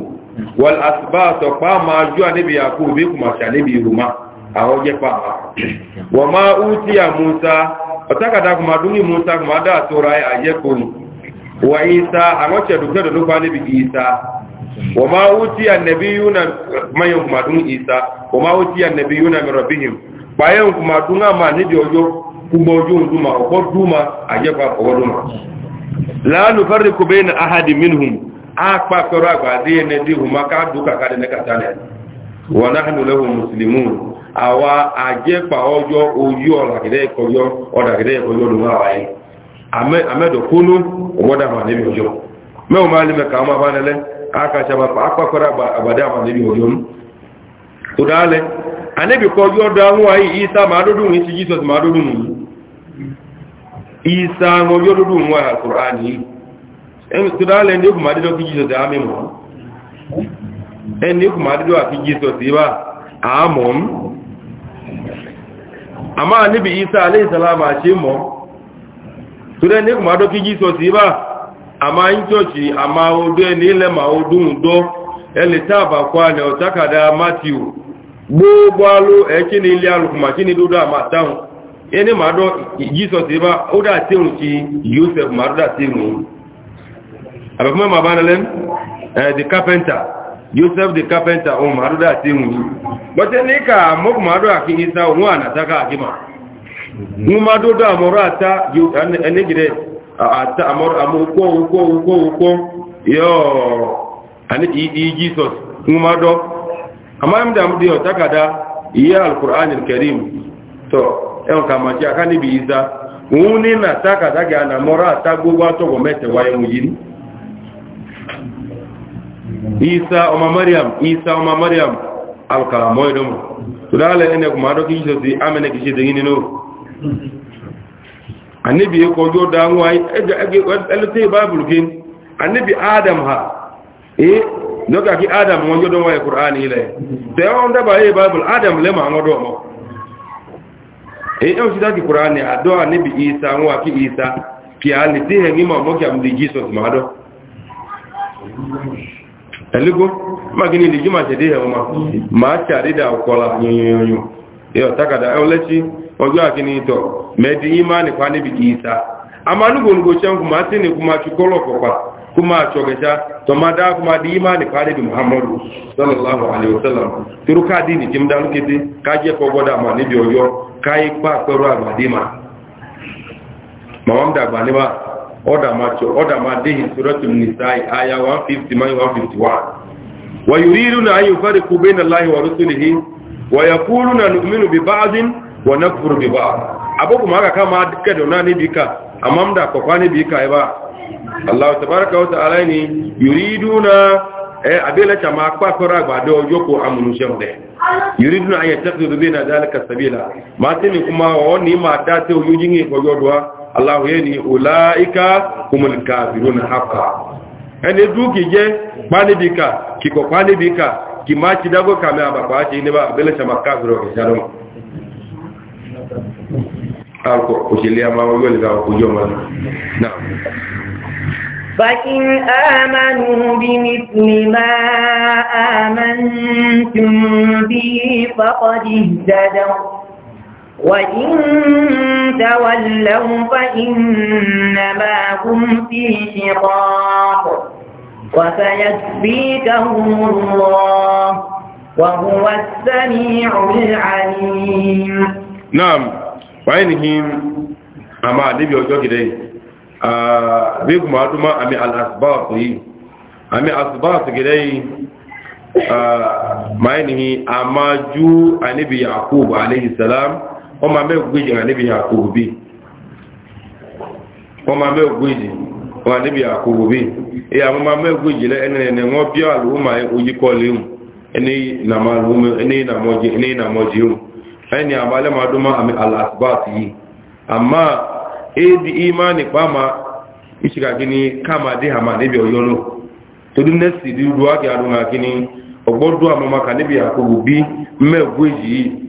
wal asbata pa ma ju anibi yakub bi kuma sha anibi ruma awo je pa wa ma utiya musa otaka da kuma dungi musa kuma da tora ya je ko wa isa anoche dukka do pa anibi isa wa ma utiya nabiyuna mayo kuma dungi isa wa ma utiya nabiyuna min rabbihim bayan minhum akpakoro agba adịghị n'edihu maka duka ka dị nekata na wọnahụ lehu muslimun awa ajekpa ọjọ oyi ọlagide ịkọjọ ọdagide ịkọjọ lụwa awaye amedo kunu ọgbọdọ ama n'ebi ọjọ ma alime ka ọma banele aka chaba akpakoro agbada ama n'ebi ọjọ m tụdaalị anebi kọjọ ọdọ isa ma ma isa ẹni tó dáálẹ̀ ní òkùnmà dídọ́ kí jesus àmì ẹni òkùnmà àti jesus ibá àmọ́ m a máa níbi isa aléìsàlámà ṣe mọ́ tó dẹ́ òkùnmà dídọ́ kí jesus ibá a máa ń chọ́ọ̀chì a máa odó ẹni ilẹ̀mà odún dọ́ ẹni táàbà ẹni màá dọ́ jesus ibá ó dà joseph àbẹ̀kúnmọ́ ma bá nílẹ̀ the carpenter joseph the carpenter ohun màádọ́ dà sí ìhun yìí bọ́tẹ́ ní ká mọ́kù màádọ́ àkí isa òun ànàtàkà àkímà wọ́n má dọ́dọ́ àmọ́rọ́ àtà ẹnẹ́gìrẹ́ àtà àmọ́kọ́ ukọ́ ukọ́ ukọ́ yọ́ jesus wọ́n má dọ́ àmáyémdàmúdí ọ̀tàkàdá iye alukur'an kẹrim tọ́ ẹ̀wọ̀n kàmàtí àká níbi isa òun ní nàtàkàdá gẹ̀ ànàmọ́rọ́ àtà gbogbo àtọ̀gbọ̀ mẹ́tẹ̀wáyé isa ọmọ mariam isa ọmọ mariam alkara mọ́ ìdánmù tó dáálẹ̀ ẹni ẹkùn máa dọ́kí ìṣẹ́ sí amẹ́nẹ̀ kìí ṣe dẹ̀yìn nínú annabi ẹkọ̀ yóò e annabi adam ha eh lọ́kà kí adam nwanyị yóò dánwọ́ ẹkùn rán ilẹ̀ tẹ́wọ́n dábà ẹ báàbùlù adam lẹ́mà e, e annabi isa isa jesus ẹ̀lẹ́gbọ́ magini lè jí máa tẹ̀dé ẹ̀wọ̀n ma máa tí àrídà ọkọ̀lá yìnyìnyìn yọ takàdá ẹ̀wọ̀lẹ́sí ọjọ́ àkíní ìtọ̀ mẹ́dí ìmá nípa níbi ìta a máa lúgbòlùgbò ṣe ń kú máa tí ní kú máa tí kọ́lọ̀ pọ̀pá kú máa ṣọ̀gẹ̀ṣá tọ́mádá kú máa di ìmá nípa níbi muhammadu sallallahu alaihi wasallam torú káàdì ní jim dánú kété kájẹ́ kọ́gbọ́dá mà níbi ọyọ́ káyé pàpẹ́rọ àgbàdé mà màmá ń dàgbà níbà order macho order madehi suratul nisa'i aya 150 mai 151 wa yuriduna an yufariqu bayna allahi wa rusulihi wa yaquluna nu'minu bi ba'din wa nakfuru bi ba'd aboko maka kama kedo nani bika amamda kwa kwani bika eba allah tabaraka wa ta'ala ni yuriduna eh abela chama kwa kora gbado yoko amunushamde yuriduna an yattakhidhu bayna dhalika sabila matini kuma wa ni ma date uyujingi kwa godwa aláwọ̀ yẹ́ ni ọláìká kùmùlùkà ìrún hapa ẹni dúkì jẹ́ pánibíkà kíkọ̀ pánibíkà kì máa ti dágọ́ kàmẹ́ àbàpá ṣe níbà abẹ́lẹ́sàmà káàkiri ọ̀gẹ̀sánà فإن آمنوا بمثل ما آمنتم به فقد اهتدوا وإن تولوا فإنما هم في شقاق وسيكفيكهم الله وهو السميع العليم نعم وعينهم أما نبي أجوك إليه بيكم أدوما أمي الأسباط أمي أسباط إليه ما ينهي أما جو النبي يعقوب عليه السلام wọ́n máa mẹ́wàá gbèjì wà níbi àkóbò bí wọ́n máa mẹ́wàá gbèjì wà níbi àkóbò bí èyí àwọn máa mẹ́wàá gbèjì lẹ́ ẹni wọ́n bí àlùwò máa ojú ẹni ìnàmọ́ ẹni àmàlẹ́ máa dún yìí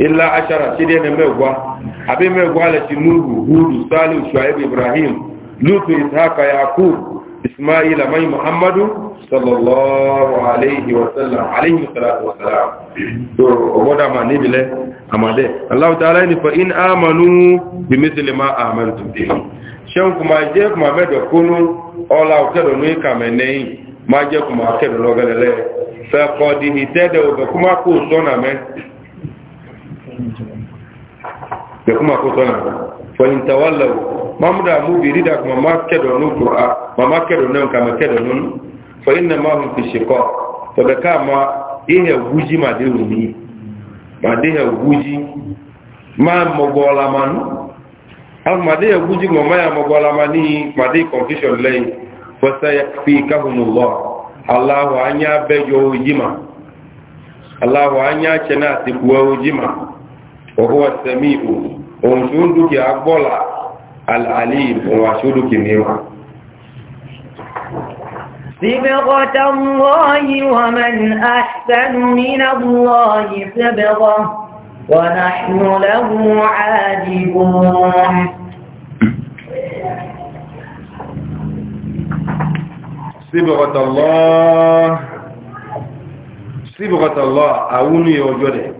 illa ashara ti dai na megwa abin megwa la ti nuhu hudu salih shuaib ibrahim lutu ishaqa yaqub isma'ila mai muhammadu sallallahu alaihi wa sallam alaihi salatu wa salam to oboda ma ni bile amade allah ta'ala ni fa in amanu bi mithli ma amantum bihi shan kuma je kuma medo kunu ola ukedo ni kamene ma je kuma akedo logalele fa qad hitadaw kuma ku sona me da kuma ko tsana fa in tawallaw da mu bi rida kuma ma kedo nun qur'a ma ma kedo nun kama kedo nun fa inna ma hum fi shiqaq to da kama ihe guji ma de rumi ma de ihe guji ma mogola man al ma de guji ma ma mogola man ni ma de confusion lay fa sayakfikahumullah allah anya bejo jima allah anya chena tikwa jima وهو السميع ومشودك أقبل العليم ومشودك نيمة صبغة الله ومن أحسن من الله صبغة ونحن له عاجبون صبغة الله صبغة الله أعوني وجده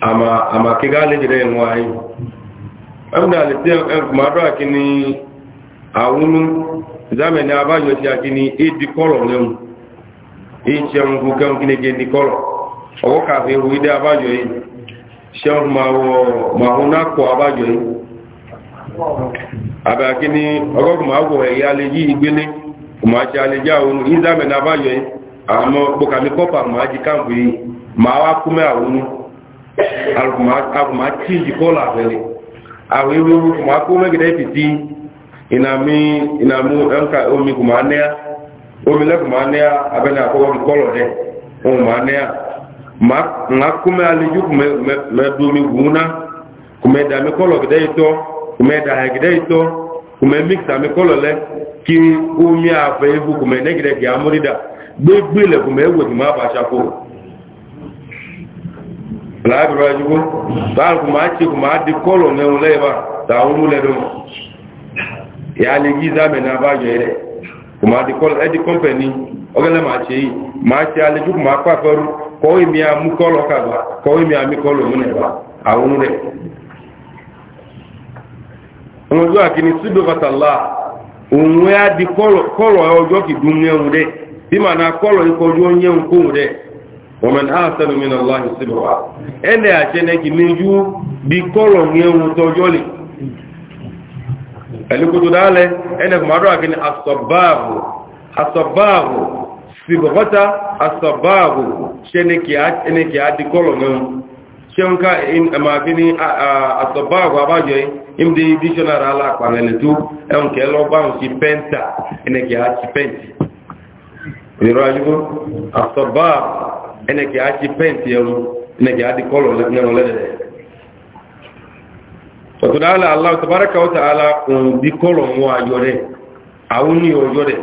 ama ama kiga le jire nwai amna le te akini awunu zamani abayo ti akini kolo iche ngu kam kini ge ni kolo owo ka fe ide abayo yi shon ma wo ma huna ko abayo yi aba akini ogo ma wo e ya le yi igbele ma cha le ja unu yi amo bo ka mi kopa ma ma wa agụma chi njikọ ụlọ abịalị ahụ ewu ewu Ina aka omegide epiti ịnamụ nka omi kụma nne ya omile kụma nne ya abịa na akọwa gị kọlọ dị ụmụma nne ya ma kụme aliju kụmedomi gwuna kụmedami kọlọ gide ịtọ gị láàbìrò ajúgbó báyìí kò máa ṣe kò máa di kọ́lọ̀ mẹ́rin lẹ́yìnbá tàwọn olú lẹ́dọ̀ lè bá yọ ẹ̀rẹ̀ máa di kọ́lọ̀ ẹ̀dí kọ́mpẹ̀ni ọgẹ́lẹ́ máa ṣe yìí máa ṣe alẹ́jú máa kọ́wé mi àmú kọ́lọ̀ kàgbà kọ́wé mi kọ́lọ̀ àwọn ọmọdé na ومن أحسن من الله سبحانه إلا أشنك من جو بكل يوم تجولي ألقوا دالة إنك مرة كن الصباب الصباب sibogota asababu sheneki at eneki adi kolongon shenka in amabini asababu abajo imdi dictionary ala kwangele tu enke lo ba si penta eneki ati penti ni rajugo ene ke achi paint yelo ene ke adi kɔlɔ le neno le de to to Ala allah tabaraka wa taala un di color mo ayore awuni oyore dɛ.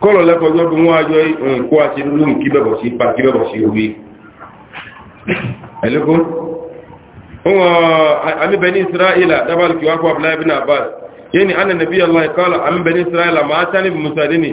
Kɔlɔ lɛ yo du mo ayoy un ko achi lu ki be bo si pa ki be bo si obi eleko huwa ami bani israila dabal ki wa ko abdullah ibn abbas yani anna nabiy allah qala ami bani israila ma Musa di ni.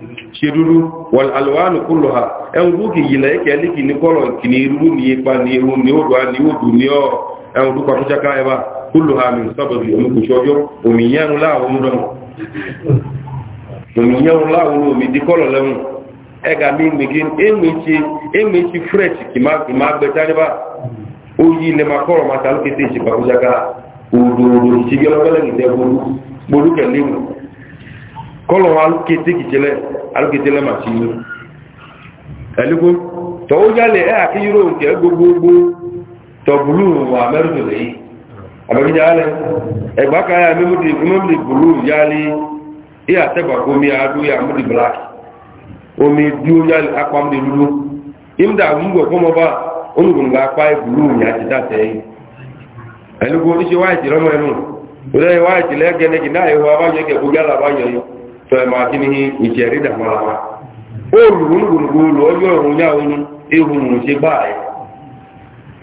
ṣe dúdú wọn ha ẹ̀hùn tó na yìnà ẹ̀kẹ́ ní kìí ní kọ́lọ̀ kìí ní irú ní ipa ní ewu ní odò ní odò ní ọ̀ ẹ̀hùn tó pàtó ṣaká ẹ̀bá kúlù ha mi sábàbí omikùsọ ọjọ́ òmìyàn láàrún lọ́wọ́ omi di kọ́lọ̀ lẹ́wọ̀n ẹ̀gà mi nìkín èmìtì fúrẹ́ẹ̀tì kì kọlọ̀ alúkẹ́tẹ́kìtẹ́lẹ̀ alúkẹ́tẹ́lẹ̀ màtí ní ẹ̀lúgbó tọ́wọ́ jálẹ̀ ẹ́ àti yúrò kẹ́ gbogbogbò tọ̀bùlù amẹ́rùn lẹ́yìn abẹ́gbẹ́jálẹ̀ ẹgbàkáyà mẹ́mọ́dé bùlù yálẹ̀ ẹ́ àtẹ́gbàkómi adó yà mọ́dé black omi dúó yálẹ̀ apamọ́dé lúlú ìmdà wúgbọ̀ ma kini ìjẹ̀rí dàmọ́lára oòrùn gbogbogbò ọjọ́ o yá oní ehun òun ṣe gbáà ẹ̀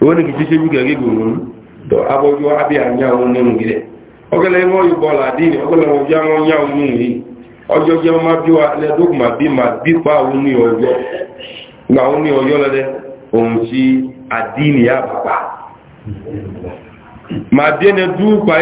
owó ewu kì í ṣe wíkẹ̀ rí gbòòrùn tọ abọ́jọ́ abẹ́ àyà oún nínú gílẹ̀ ọgẹ́lẹ́ wọ́n yóò yìí má bí wa má bí pa ní gba ní òun àdínì má bí ẹni dúpàá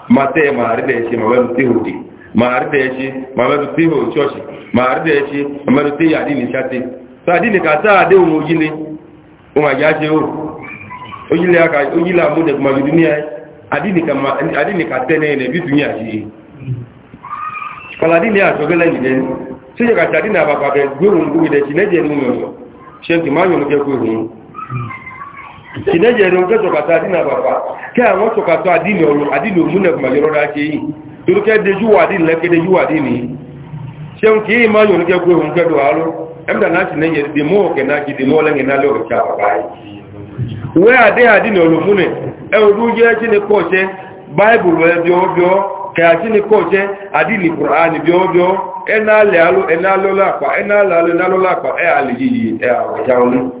ma maari da yace mabaru ma maari da yace mabaru tiho church maari da yace mabaru tihi adini shati sa ka ta ade wo yile o ma jaje o o aka o yile de ma dunia adini ka adini ka tene bi dunia ji kala a so gele ni de se je ka adini aba pa be gbe ngu de ti ne je nu mo ma yo mo je ti ne je ron gbeto kata adina baba ke awon to kata adina olu adina olu ne ma yoro da ke yi duro ke deju adina le ke deju adini se on ki ma yoro ke ko on ke do alo em da na ti ne je de mo ke na ki de mo le ne na le o cha baba yi we ade adina olu mu ne e o du je ti ne ko se bible we bi o bi o ke a ti ne ko se adini qur'an bi o bi o e na le alo e na lo la pa e na la le na lo la pa e a le yi e a o ja o ni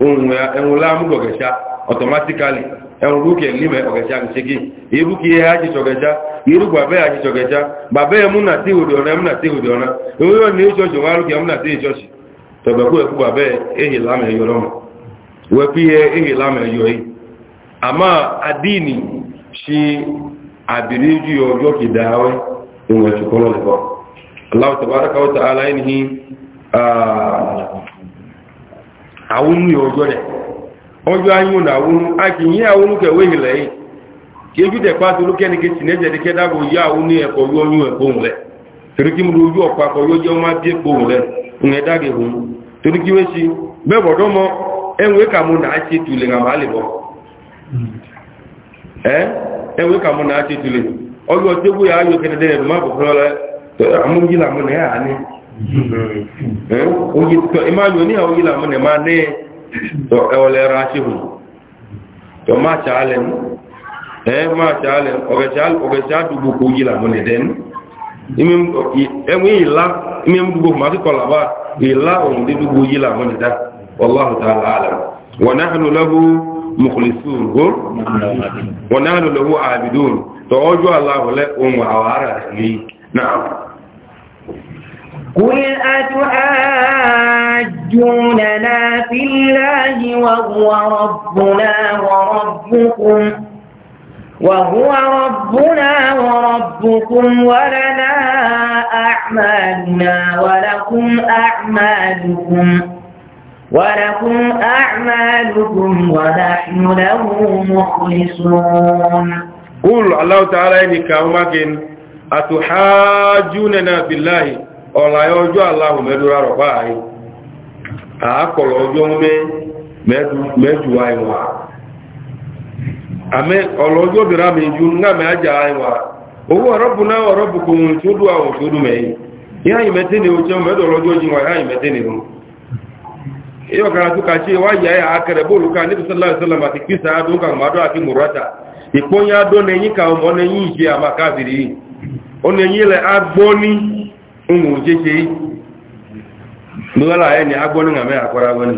enwela amụghị ogecha ọtọmatikali enwere uke lime ogecha ncheki iruka ihe achịcha abe ya achịcha ogecha ma be ya mụ na ti uriona m na ti uriona enweghị onye ịchọchi m ti ịchọchi tọbekwu ekwu gwa ehila ma eyoro ihe ehila ma ama adini shi àwọn yóò jọ rẹ̀ ọjọ́ ayún na àwọn akì yí àwọn kẹwé ìlẹ̀ yìí kí ojú dẹ̀ pàtó ló kẹ́ni kẹsì ní ẹ̀jẹ̀ kẹ́ àwọn ní ẹ̀kọ́ yóò yún ẹ̀kọ́ òun rẹ̀ torí kí mo ojú ọ̀pá kọ yóò jẹ́ ọmọ bí ẹ̀kọ́ rẹ̀ mọ ẹ̀wọ̀n kà mo nàá ṣe oyi tɔ imaalu ni awo yi la mo ne ma ne tɔ ɛwɔlɛ raasi maa tsa lɛ nu ɛ maa tsa ko yi la mo ne dɛ yi la imi ma ti kɔla ba yi la yi la mo ne da wàllahu taala alam wa nahanu lahu mukulisun ko wa lahu abidun awaara ni قل أتحاجوننا في الله وهو ربنا وربكم وهو ربنا وربكم ولنا أعمالنا ولكم أعمالكم ولكم أعمالكم ونحن له مخلصون قل الله تعالى إنك أمكن أتحاجوننا بالله ọ̀la ọjọ́ ala mẹ́dúrà rọ̀pá ààyè àákọ̀lọ̀ ọjọ́ mẹ́jùwà ìwà àmẹ́ ọ̀lọ́jọ́ bìrá mi ju ńgámẹ́ ajá ìwà owó ọ̀rọ̀bù náà ọ̀rọ̀bù kò mú tí ó dú àwọn òṣèlú ó jẹ́ mẹ́dọ̀ ọlọ́jọ́ jí ẹ̀yìn ọmọ ẹ̀yìn àmàkàbìrì ọ̀nà ẹ̀yìn ilẹ̀ agbóní ụmụ jeje lọ́la ẹni agbọ́nù àmẹ́ àkọ́rá wọn ni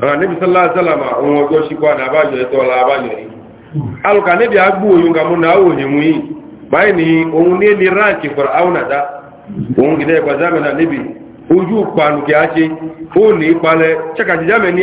ọ̀rọ̀ níbi sọ́lá sọ́làmà ohun ọjọ́ ṣíkọ́ ní ba ẹ̀tọ́ ọlá àbájọ rí alùkà níbi agbó oyún gamú na áwò hìmú yìí báyìí ni ohun ní ní ráǹkì fọ̀rọ̀ áwùnàdá ohun gidẹ́ ìpàzámẹ́nà a ojú ìpanukẹ́ á ṣe ó ní ìpalẹ̀ ṣẹ́kàtìjámẹ́ ní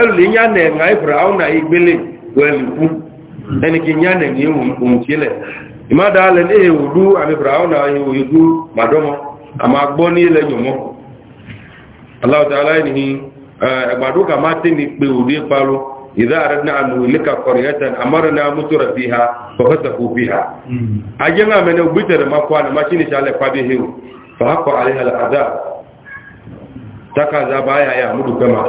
ẹlùlẹ̀ yá nẹ̀ ńà ìfúra àwọn náà ìgbélé wẹ̀lù fún ẹni kí yá nẹ̀ ní ohun tí lẹ̀ ìmádà alẹ́ ní èwòdú àmì ìfúra àwọn náà ìwòdú màdọ́mọ́ àmà gbọ́ ní ilẹ̀ yọ̀mọ́ aláwọ̀tà aláìní ẹgbàdó kà má tẹ́ ní pé òdé palo ìdá àrẹ náà nù ilẹ̀ka kọ̀rọ̀ ẹ̀tẹ̀ àmọ́rẹ̀ náà mútu rẹ̀ fi ha pọ̀fẹ́sà kò fi ha ajé náà mẹ́lẹ̀ ògbítẹ̀rẹ̀ má kọ́ àná má kí ni sálẹ̀ pàdé hẹ́wò fàákọ̀ àlẹ́ àdá tákà zaba ayà yà múdùkẹ́ máa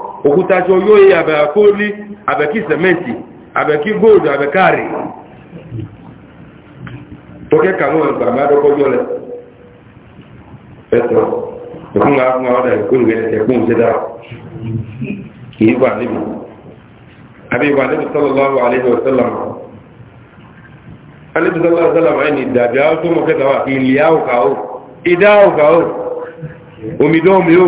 òkúta tí ó yóò yẹ àbẹ̀ àkóólí àbẹ̀kí sẹ̀mẹ́ntì àbẹ̀kí góòdù àbẹ̀káàrì tó kẹ́kà náà gbàgbà dọ́kọ́jọ́ lẹ ẹ̀tọ́ ẹ̀kún wa fún àwọn ẹ̀kún rẹ̀ ẹ̀kún ṣe dára kìí wà níbi àbí wà níbi sọ́lọ́lọ́wọ́ àlejò sọ́lọ́mù àlejò sọ́lọ́lọ́wọ́ sọ́lọ́mù ẹni ìdàbí àwọn tó mọ̀ kẹta wà ìlíà òkà ó ìdá òkà ó omidan mi ó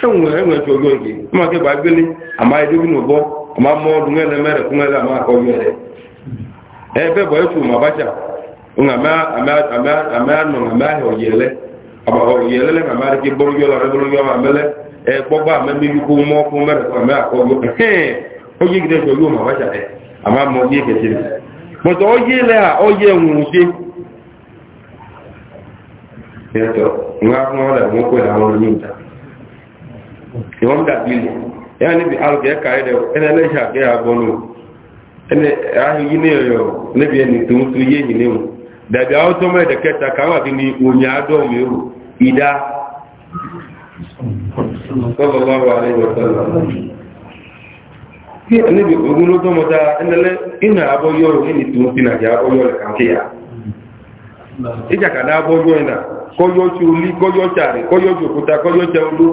enwere enwecha oge oge nke ịgba gbili ama edobi ama ama ebe bụ echu ma bacha ameanụ ameahịa oyele oyelele ma amarịka bụrụ gị ọlọrọ bụrụ gị ọma mele ekpọgba amemegikwu mma ọkụ ama ha ìwọ́n dàbí ilẹ̀ ẹ̀yà níbi alùpẹ̀ ẹ̀ka ẹ̀dẹ̀ ẹ̀nà ẹlẹ́ṣẹ̀ àgbẹ̀ àgbọ̀nù ẹ̀nà ahìyí ní ẹ̀yọ̀ níbi ẹni tó ń tún yéyìn ní o dàbí àwọn tó mẹ́ẹ̀dẹ̀ kẹta káwà bí ni òyìn adọ́ọ̀mù ẹ̀rù ìdá sọ́lọ́lọ́wọ́ àlejò sọ́lọ́ níbi ogun ló tọ́mọ dáa ẹnẹlẹ́ iná abọ́yọ́rọ̀ ẹni tó ń fi nàìjíríà abọ́yọ́rọ̀ kàkíyà ìjàkadà abọ́yọ́ ẹ̀nà kọ́yọ́ tí olí kọ́yọ́ tí àrẹ kọ́yọ́ tí òkúta kọ́yọ́ tí ọdún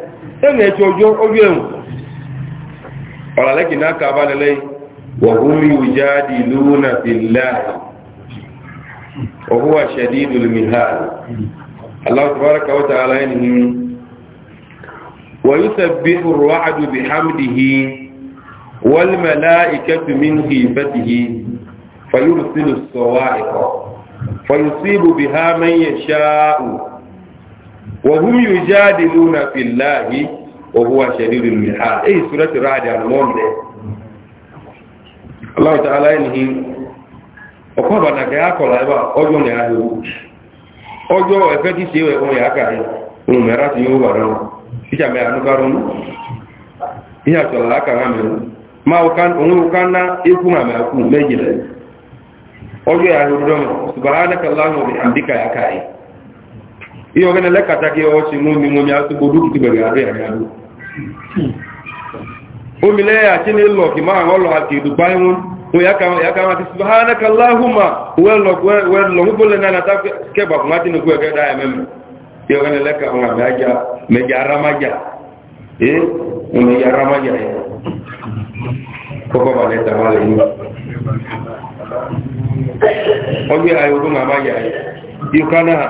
ẹ̀nà ẹ̀tọ́ ojú ojú ẹ̀wọ̀n ọ̀làlẹ́kì náà kàbá lẹ́lẹ́ wọ̀húnmí ìjáde ìlú náà fi láàrín ọ̀húwà ṣẹ̀dí ìdòlùmíhàlì aláwọ̀tàbárakàwọ̀ta aláìní ويسبح الرعد بحمده والملائكة من هيبته فيرسل الصواعق وهم يجادلون في الله وهو شديد المحال اي سوره الرعد المؤمن الله تعالى انهي ọkọ̀ bàtà kẹ́ akọ̀lá ẹbà ọjọ́ ní ahìrú ọjọ́ ẹ̀fẹ́ kí ṣe ẹ̀wọ̀n yà ákàrí ohun mẹ́ra ti yóò wà rán ìṣà mẹ́ ànúkárún ìṣà tọ̀lá ákàrá ya. ma òun ká ná ya àmì àkú méjìlẹ̀ ọjọ́ yà iye ọgẹ́ nílẹ̀ kàtàkì ọwọ́ ṣe mú mi mú mi àti gbogbo dúkùtù bẹ̀rẹ̀ àbẹ́ àgbàdo omi lẹ́yà tí ní lọ kì máa wọ́lọ̀ àti ìdùgbà ẹ̀wọ̀n wọ́n yá ká wọn ti sùpá hánàkà láhùmà wẹ́lọ̀ gbogbo lẹ́nà àtà kẹbà fún àti nìkú ẹ̀kẹ́ dáyà mẹ́mẹ́ iye ọgẹ́ nílẹ̀ kà wọn àbẹ́ àjà mẹ́jà aramájà ẹ́ wọn mẹ́jà aramájà yẹn kọ́kọ́ balẹ̀ tàwọn lè yí náà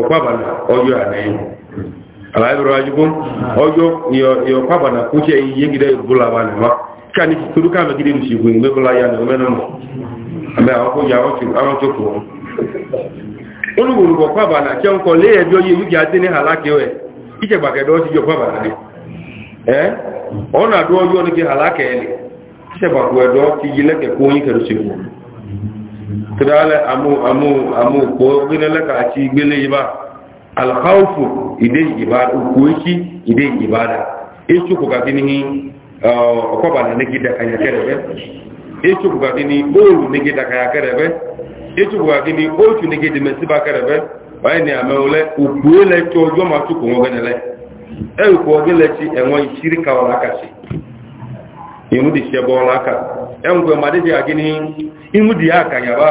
ọ̀pábànà ọjọ́ àlẹ́yìn aláìbẹ̀rọ ajúgbó ọjọ́ ìyọ̀pábànà kú jẹ́ iye gidẹ́ ìbúlà wà nìmá ká ní torí káàmì gidẹ́ ìlú ṣìgbìn mẹ́bùlá ya nìmọ́ mẹ́nà mọ́ àmì àwọn kó ya àwọn tó kù wọn. olùgbòlùgbò pábànà kí ọkọ̀ lé ẹjọ́ yìí wíkì adé ní àlákẹ́wẹ̀ ìjẹ̀ gbàgẹ̀dọ́ sí yọ pábànà ni ẹ́ ọ̀nà àdó ọjọ́ ní kí àlákẹ́ ẹ̀ tìrálẹ̀ àmú òpó gbínẹ́lẹ́kà àti ìgbélé ìbá alkhaufu ìdé ìbára òkú ikí ìdé ìbára ìṣòkò kàkí ní ọkọ̀bà ní gídà kàyàkẹ́rẹ̀bẹ́ kere kàkí ní ni àmẹ́ olẹ́ òkú ilẹ̀ tí ọjọ́ máa túkù wọn gẹ́nẹ̀lẹ́ ẹ̀rù kọ́ ọgbẹ́lẹ̀ ti ẹ̀wọ̀n ìṣírí ẹnkwe madiji agini imudi ya kanya ba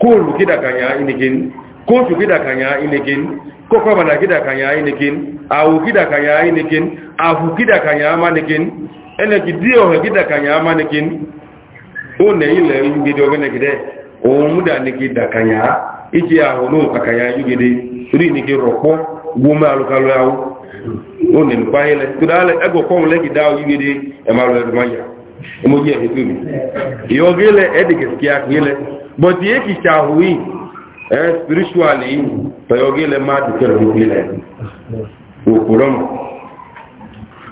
kóòlù kida kanya inigin kóòtù kida kanya inigin kókọ́bànà kida kanya inigin àwù kida kanya inigin àhù kida kanya amanigin ẹnẹ̀kì dí ọ̀hẹ̀ kida kanya amanigin ó nẹ̀ ilẹ̀ yúgede ọgẹ́nẹ̀gidẹ́ òun dà ní kida kanya ìjì àhù ní àkànyà yúgede rí inigi rọ̀pọ̀ gbómẹ́ alùkalù àwù ó nẹ̀ emoji ya hitumi hiyo vile edi kisikia kile but yeki cha hui eh spiritually tayogele mati kero vile ukuromo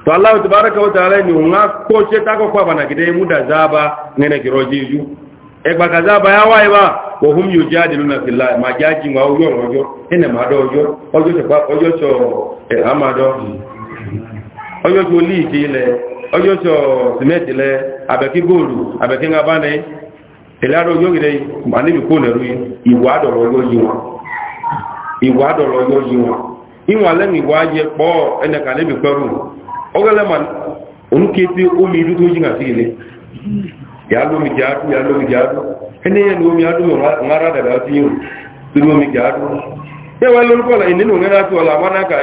to Allah tbaraka wa taala ni unga koche tako kwa bana kide muda zaba nene kiroji ju egba kazaba ya waiba wa hum yujadiluna fillah majaji ngwa ojo ojo ene mado ojo ojo se kwa ojo cho eh amado ojo jo li ile ọjọ́ sọ simẹ́tì lẹ abẹ́kí góòlù abẹ́kí ńlá báni ilẹ̀ àdó yóò gẹ̀rẹ́ wà níbi kó nẹ̀rú ìwà àdọ̀rọ̀ yí wọn ìwà lẹ́nu ìwà ayẹ pọ̀ ẹnẹ̀kà níbi pẹ́rù ọgọ́lẹ́mà omi ìlú tó sí ilé lómi lómi omi omi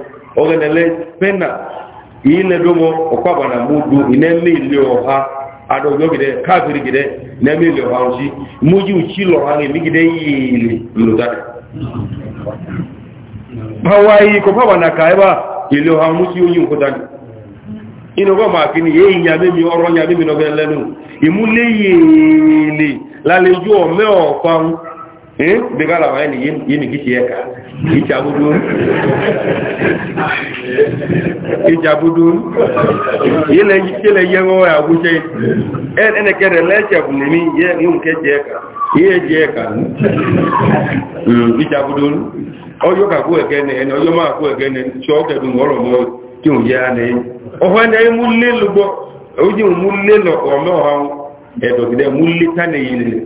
ogenele pena ine domo okwaba na mudu ine mili oha adogo gide kafiri gide ne mili oha uji muji uchi lo ha mi gide yili mluta bawai ko baba na kaiba ile oha muji uji nkuta ino go ma kini ye inya be mi oro nya be mi no gele nu imule yili la leju o me o pa eh bigala wa ni yini kici yeka ijabudu ijabudu yele yele yengo ya guje en ene kere leche kunimi ye yunke jeka hmm, ka ku egene en oyo ma ku egene cho ke dun oro mo ti un ya ni o ne e mu le e ji mu le lo o mo ha edo gide mu le tane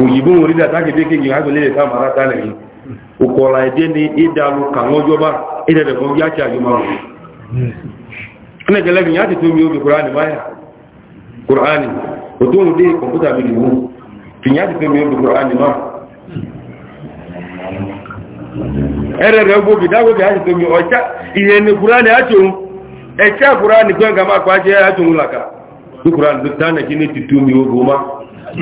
òyìnbó wọn rí dàtà kékeré yìí agbèlè lè ká màrá tálẹ̀ yìí òkòrò ẹ̀dẹ́ ni ìdàlù kàwọn jọba ìdẹ̀dẹ̀ kan yá kí àjọmọ́ rẹ̀ ẹnẹ́gẹ̀lẹ́gbìn yá ti tó mi ó fi kùránì máyà kùránì kò tó ń dé kọ̀mpútà mi lè wú kì yá ti tó mi ó fi kùránì máa ẹ̀rẹ̀ rẹ̀ gbóbi dágbóbi á ti tó mi ọ̀chá ìhẹ́ ni kùránì á tòun ẹ̀chá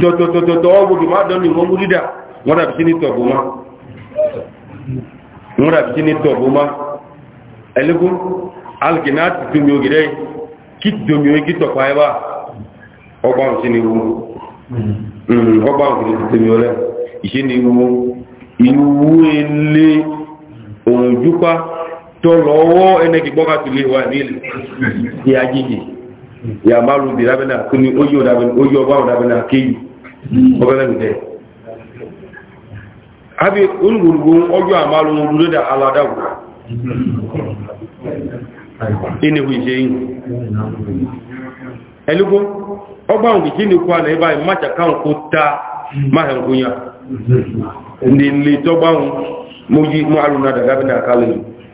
tọ̀tọ̀tọ̀tọ̀ ọgbogbo má dánú ìwọ̀n mú dídà wọ́n dàbí sí ní tọ̀bù má wọ́n dàbí sí ní tọ̀bù má ẹlẹ́gún alìkìnà ti tómi ògìrẹ́ kí tómi ògì tọ̀pá ẹwà ọgbà òsì ni wu mm, ọgbà òsì ni tómi ọlẹ́ ìṣe ni wu ìwú ilé òǹjúpa tọ́lọ́wọ́ ẹnẹ́gbẹ́gbọ́ká tó lé wà ya malu bi rabe na kuni oyo rabe oyo ba rabe na ki o be nde abi ungurugu oyo amalu ndu da alada ku ini hu je yin elugo ogba ngi jini kwa na ibai macha kan ko ta ma hen kunya ndi li to ba mu ji mu aluna da gabe na kalin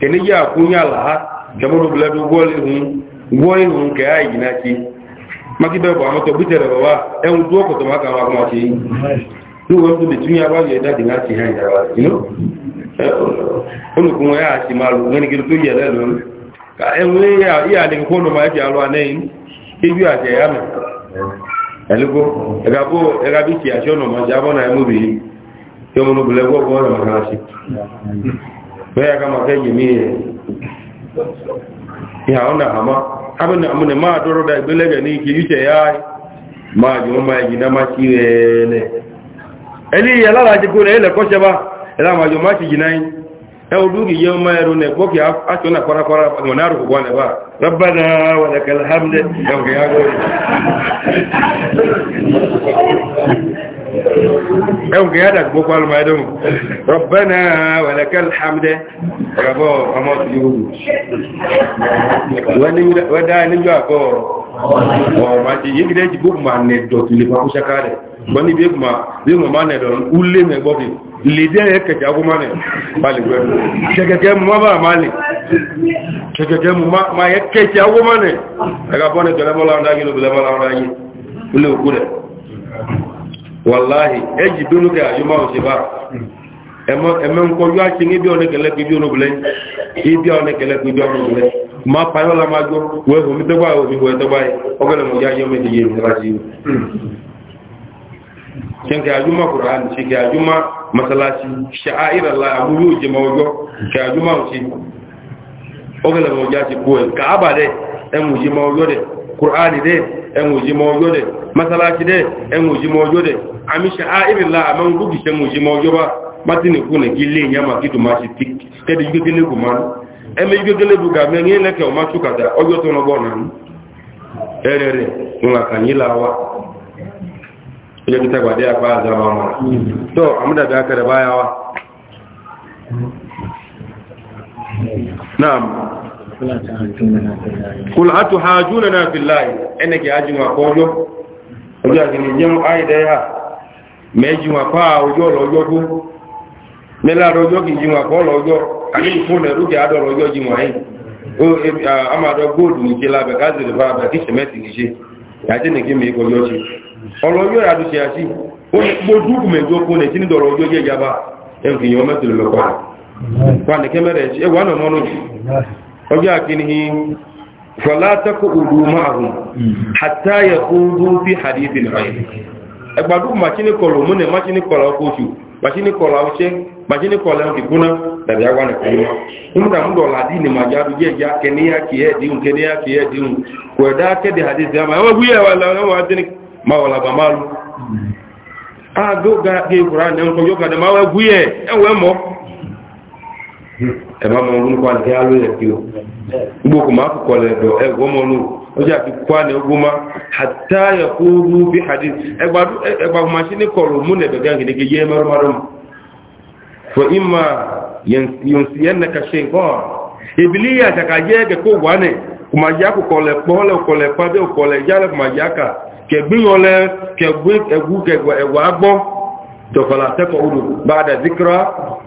kene ya kunya la ha, do bla bụla gol hun goy hun ke ay na ki maki be ba mo to bitere baba e un do to maka wa ma ki du wo du tunya ba ye da dinga you know e, ya ti ma ngani ka e we e e ya ya le ko no ma alwa nei a je ya me elugo e mu bi yo mo no bla bẹ́ẹ̀ kama kẹ́ yìí mìí ìhà ọ̀nà àmá abin da amina ma dọ́rọ̀ da ìgbélẹ̀ gẹ̀ ní kí yíṣẹ́ yá máa jù ọmọ ẹ̀yìn náà máa kí rẹ̀ ẹni ìyà lára ti kó rẹ̀ ilẹ̀ kọ́ṣẹ́ bá ẹ̀lá máa jù máa ti jìnà yìí ẹ o dúkì yẹ ọmọ ẹ̀rọ nẹ̀ pọ́kì aṣọ́nà kọ́rakọ́ra wọn lẹ́bà rọ́bàdà ẹ̀hùn kìí yádà gbogbo alùmọ̀ẹ́dùn rọ̀bẹ́nà wẹ̀lẹ̀kẹ́ alhamdẹ́ rọ̀bọ̀ ọmọ ìhùrù wẹ́dá níjọ́ àkọ́ ọmọ ti yí gidẹ́ jì gbogbo ma nẹ̀dọ̀ tó lè pàkúṣẹ́ká rẹ̀ gbọ́n ní bí gbogbo ma nẹ̀dọ̀ ulé mẹ́gbọ́bì lèdẹ́ ẹ̀kẹ̀kẹ̀ agúmọ́nẹ̀ balẹ̀gbẹ́ kẹ̀kẹ̀kẹ́ mú bá máa lè kẹ̀kẹ̀kẹ́ mú ma yẹ kẹ̀kẹ̀ agúmọ́nẹ̀ ẹgbẹ́ wallahi eji dunu ka yuma o se ba emo emo nko yo achi ni bi onekele bi onu bule ibi onekele bi bi onu bule ma pa yo la ma go we ho mi te gba o mi we te gba e o gele mo ya yo di ye mi ra ji ken ka yuma qur'an ci ka yuma masalaci sha'air allah amu yo je ma go ka yuma o ci o gele mo ya ci ko ka abade e mu je ma go de qur'ani de Eŋuzi ma ɔyọ de. Masalasi de, eŋuzi ma de. Amisia, a i le la ama ŋgugi eŋuzi ma ɔyọ ba. Ma si ne fune k'i lee nyamaki dum ma si tik. K'ede ɣiegele gu ma nu. Ɛmɛ ɣiegele du ga mɛ nye ne ke o ma tu ka taa ɔyọ tɔ na ɔbɔna Ere re ɔnlá ka anyi la wa. kita gbadé akpa azara ma mụrụ. Tɔ amu dabe aka re ba ya wa. kul atu na billahi ene ki ajin wa kojo ojo ajin je mu aide ya meji wa pa ojo lojo bu me la rojo ki jin wa ko lojo ani ko ne ruge ado lojo jin wa yin o ama do gold ni ke la be ka zire ba ba ki ni je ya je ne ki me ko yo ya du asi o ni du ku me jo ko ne ti ni do je en ki yo me e wa no ọjọ́ àkíní fọlátakò òdú máàrùn hàtà yẹ̀kúndú fi hadithin rẹ̀ ẹgbàdú machinikọlù múnẹ̀ machinikọlù ọkọ̀ọ̀ṣù machinikọlù ọṣẹ́ machinikọlù ọkìkúnná tàbí agbára kúrú nígbà mú dọ̀là dí ni màjá dú jẹ́ kẹníyà kìí ẹ̀díhùn kẹníyà kìí ẹ̀díhùn kò ẹ̀dá kẹ́dẹ̀ hadithin àmà ẹwọ́n wíyẹ̀ wà láwọn adínì máa wọ̀lá bàmá ẹ̀ma mọ orúkọ àti aló yẹ kí o gbogbo kò máa kọ̀kọ̀ lẹ̀ dọ̀ ẹ̀gbọ́ mọ nù ó jẹ́ àti kó àná ogun ma àtà ẹ̀kọ́ orú bí hadith ẹgbà kò máa ṣe ní kọ̀rọ̀ mú nẹ̀bẹ̀ gan gẹ̀dẹ̀ yẹ mẹ́rọ́ mẹ́rọ́ mu fọ ìmà yọ̀nsì yẹn nàka ṣe nǹkan ìbílí àtàkà yẹ kẹ̀kọ́ wà nẹ̀ kò máa yá kọ̀kọ̀ lẹ̀ pọ́ lẹ̀ kọ̀ lẹ̀ pàdé kọ̀ lẹ̀ yálẹ̀ kò máa yá kà kẹ̀gbìyàn lẹ̀ kẹ̀gbẹ́ ẹ̀gbù kẹ̀gbà ẹ̀wà gbọ́ tọ̀fọ̀lá tẹ́kọ̀ọ́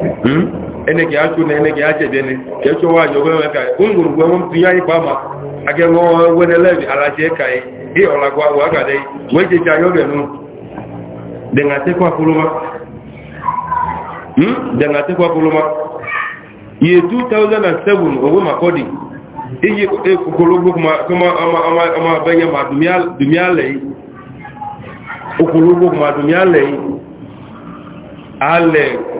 Hmm? ene ga achu na ene ga ache dene ke cho wa jogo we kai unguru gwe mtu yai kwa ma age ngo we ne levi ala che kai bi ola gwa wa ga dei we je cha yoge nu de ngate kwa kuluma hmm de ngate kwa kuluma ye 2007 ogo makodi iyi e kokologo kuma kuma ama ama ama benya ma dumial dumiale okologo ma dumiale ale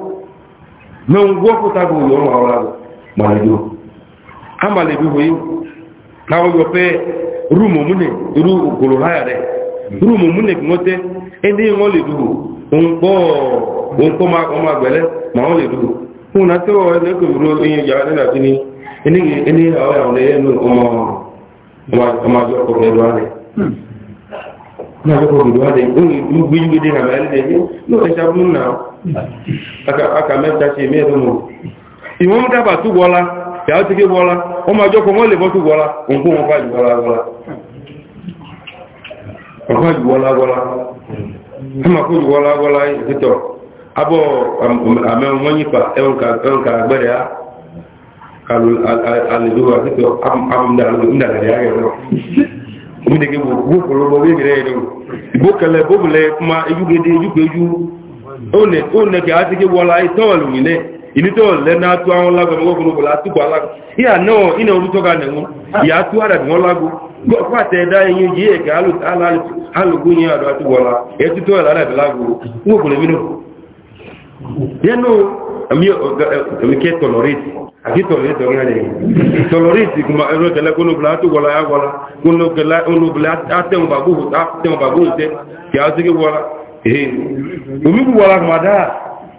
na ngwọpụta bụ ụlọ ọrụ ọrụ malido amalido bụ na ụyọ pe rumu mune ru ukoro haya re rumu mune ngote ene ngo le dugo onpo ma ko ma na tí wọ́n ya kòrò na yàrá ndị tí ní ẹni ọmọ ọmọ na ko ko do ade ko ni gbe de na de ni no e sa mun na aka aka me ta se me do mo i won da ba tu bola ya ti ke bola o ma jo ko mo le bo tu bola ko mo ba ju bola bola o ju bola bola e ma ko ju bola bola e ti to abo ame pa e on ka on ya kalu al mídèké gbókòlógbó gbégbèrè ẹ̀rọ ìgbókẹlẹ̀ gbókòlẹ̀ kuma e o ne ó nẹ̀kẹ̀ á ti ké wọlá ìtọ́ọ̀lù nílẹ̀ ìnítọ́ọ̀lù lẹ́nà tó ya atụ mọ́gbọ́gbọ́gbọ́ látúgbà alágbà ìyà náà iná orútọ́gà nẹ̀wọ́n ìyà tó àdàbí wọn lágbó pàtẹ ẹ̀dá ẹ̀yìn yìí ẹ̀kẹ́ alùgbó yẹn àdó àtúgbọ̀lá ẹ̀ mi kɛ tɔlɔriti a k'i tɔlɔri tɔ kɛ yɛrɛ tɔlɔriti kuma n'o kɛlɛ ko n'o bila a t'o wala a wala ko n'o kɛlɛ ko n'o bila a tɛmɛ ba k'o a tɛmɛ ba k'o tɛ k'i a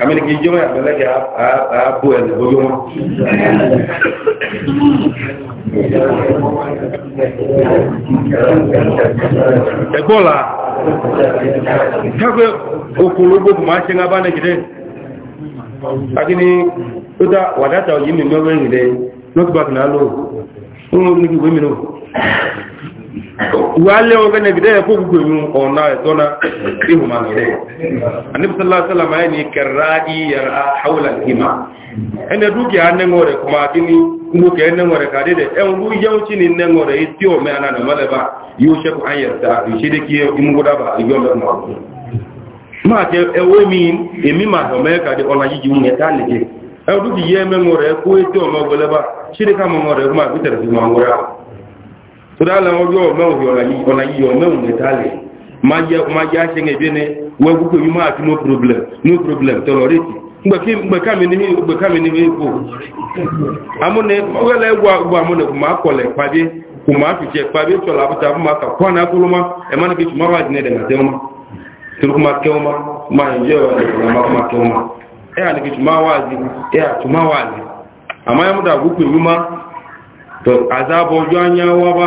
kamini k'i jɔn ya bɛlɛ kɛ a a bo yɛlɛ o jɔn ɛgbɔ la kakɛ okolo bo kuma se ŋa ba ne kide akini o ta wadata o yi mi mɛ wɛn kide n'o ti kana lo o ŋo nigi wɛn mi wale o gane gida ya fogu kwemu ona ya zona ihu ma gida annabi sallallahu alaihi wasallam yani karra'i ya haula hima ene duki anne ngore kuma kini kungu ke ene ngore ka dede en ru yauci ni ne ngore iti o me anana male ba yushe ku ayar da yushe de ki imungu da ba yo me ma ma ke ewo mi emi ma do me ka de ona jiji un eta ni ke en duki ye me ngore ku iti o me gole ba shirika mo ngore kuma bitere ma ngore tura la ọjọ́ mẹ́wọ̀n ọ̀nà yíyọ mẹ́wọ̀n mẹ́tàlẹ̀ ma jẹ́ aṣẹ́ ẹgbẹ́ ní wọ́n gúgbò ma no problem no problem kuma ma kà kọ́ àná kúrú ma ẹ̀ má níbi tùmọ́ wà jìnnà ẹ̀dẹ̀gbà tẹ́wọ́n turu kuma kẹ́wọ́n ma ma ń jẹ́ ọ̀dẹ̀gbà kuma kẹ́wọ́n ma ẹ̀ àníbi ma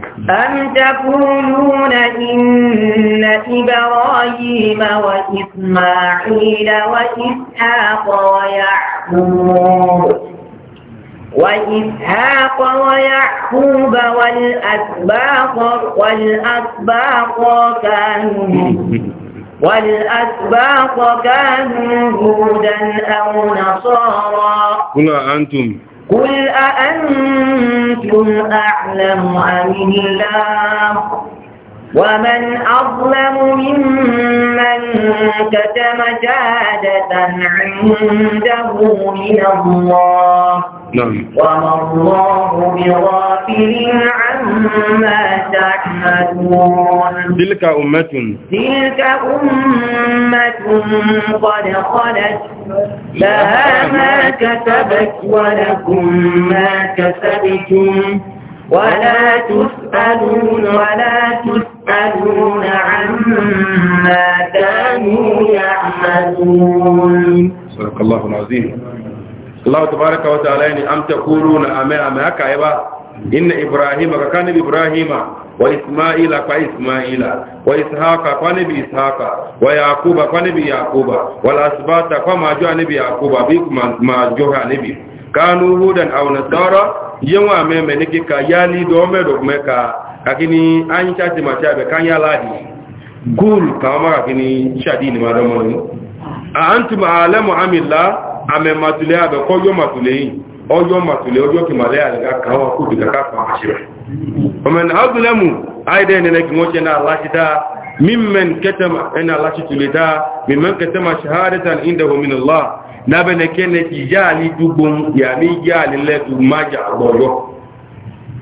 أم تقولون إن إبراهيم وإسماعيل وإسحاق ويعقوب وإسحاق ويعقوب والأسباط والأسباط كانوا والأسباط كانوا هودا أو نصارى هنا أنتم قل أأنتم أعلم أم الله ومن أظلم ممن كتم جادة عنده من الله نعم. وما الله بغافل عنه تلك أمة تلك أمة قد خلت لها ما كسبت ولكم ما كسبتم ولا تسألون ولا تسألون عما كانوا يعملون صدق الله العظيم الله تبارك وتعالى يعني أم تقولون أمي أمي أكايبا inna ibrahima ka kanibi ibrahima wa ismaila kwa ismaila wa ishaqa kwa nibi ishaqa wa yaquba kwa nibi yaquba wal asbata kwa majua nibi yaquba bi majua nibi kanu hudan aw nasara yawa meme nike ka yali do me do me ka akini an chati machabe kan yaladi gul kama akini shadi ni madomo a antum alamu amilla ame matulia be ko yo matuleyin ọjọ́ màtùlẹ̀ ọjọ́ kìmàlẹ́ àríká káwà kó bí kàkà kan àṣírẹ̀. ọmọ ìnáhàgùnlẹ́mù àìdẹ́ ìnẹ̀lẹ́ kí wọ́n ṣe náà láṣítá mímẹ́n kẹtẹ́mà ẹ̀nà láṣítùlẹ̀ dá mímẹ́n kẹtẹ́mà ṣahádẹ́tàn ìndẹ̀hòmìnàlá nábẹ̀nẹ̀kẹ́nẹ̀ ti yáà ní dúgbò yà ní yáà nílẹ̀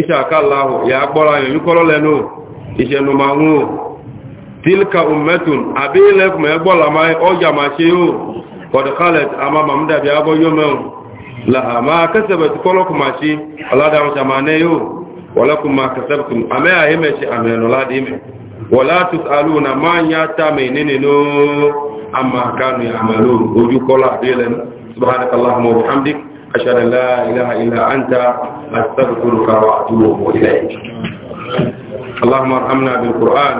iṣẹ́ àkàlà yà gbọ́ra yẹ̀yí kọ́lọ́ lẹ́nu ìṣẹ̀nù máa ń wò tilka ummetun àbí ilẹ̀kùnmọ̀ ẹgbọ́la máa ọjà máa ṣe yóò kọ̀dọ̀kálẹ̀ àmà màmúdàbí abọ́yọ́mẹ́un yóò wọ́lẹ́kùn máa kẹsẹ̀bẹ̀kùn àmẹ́ أشهد أن لا إله إلا أنت أستغفرك وأتوب إليك اللهم ارحمنا بالقرآن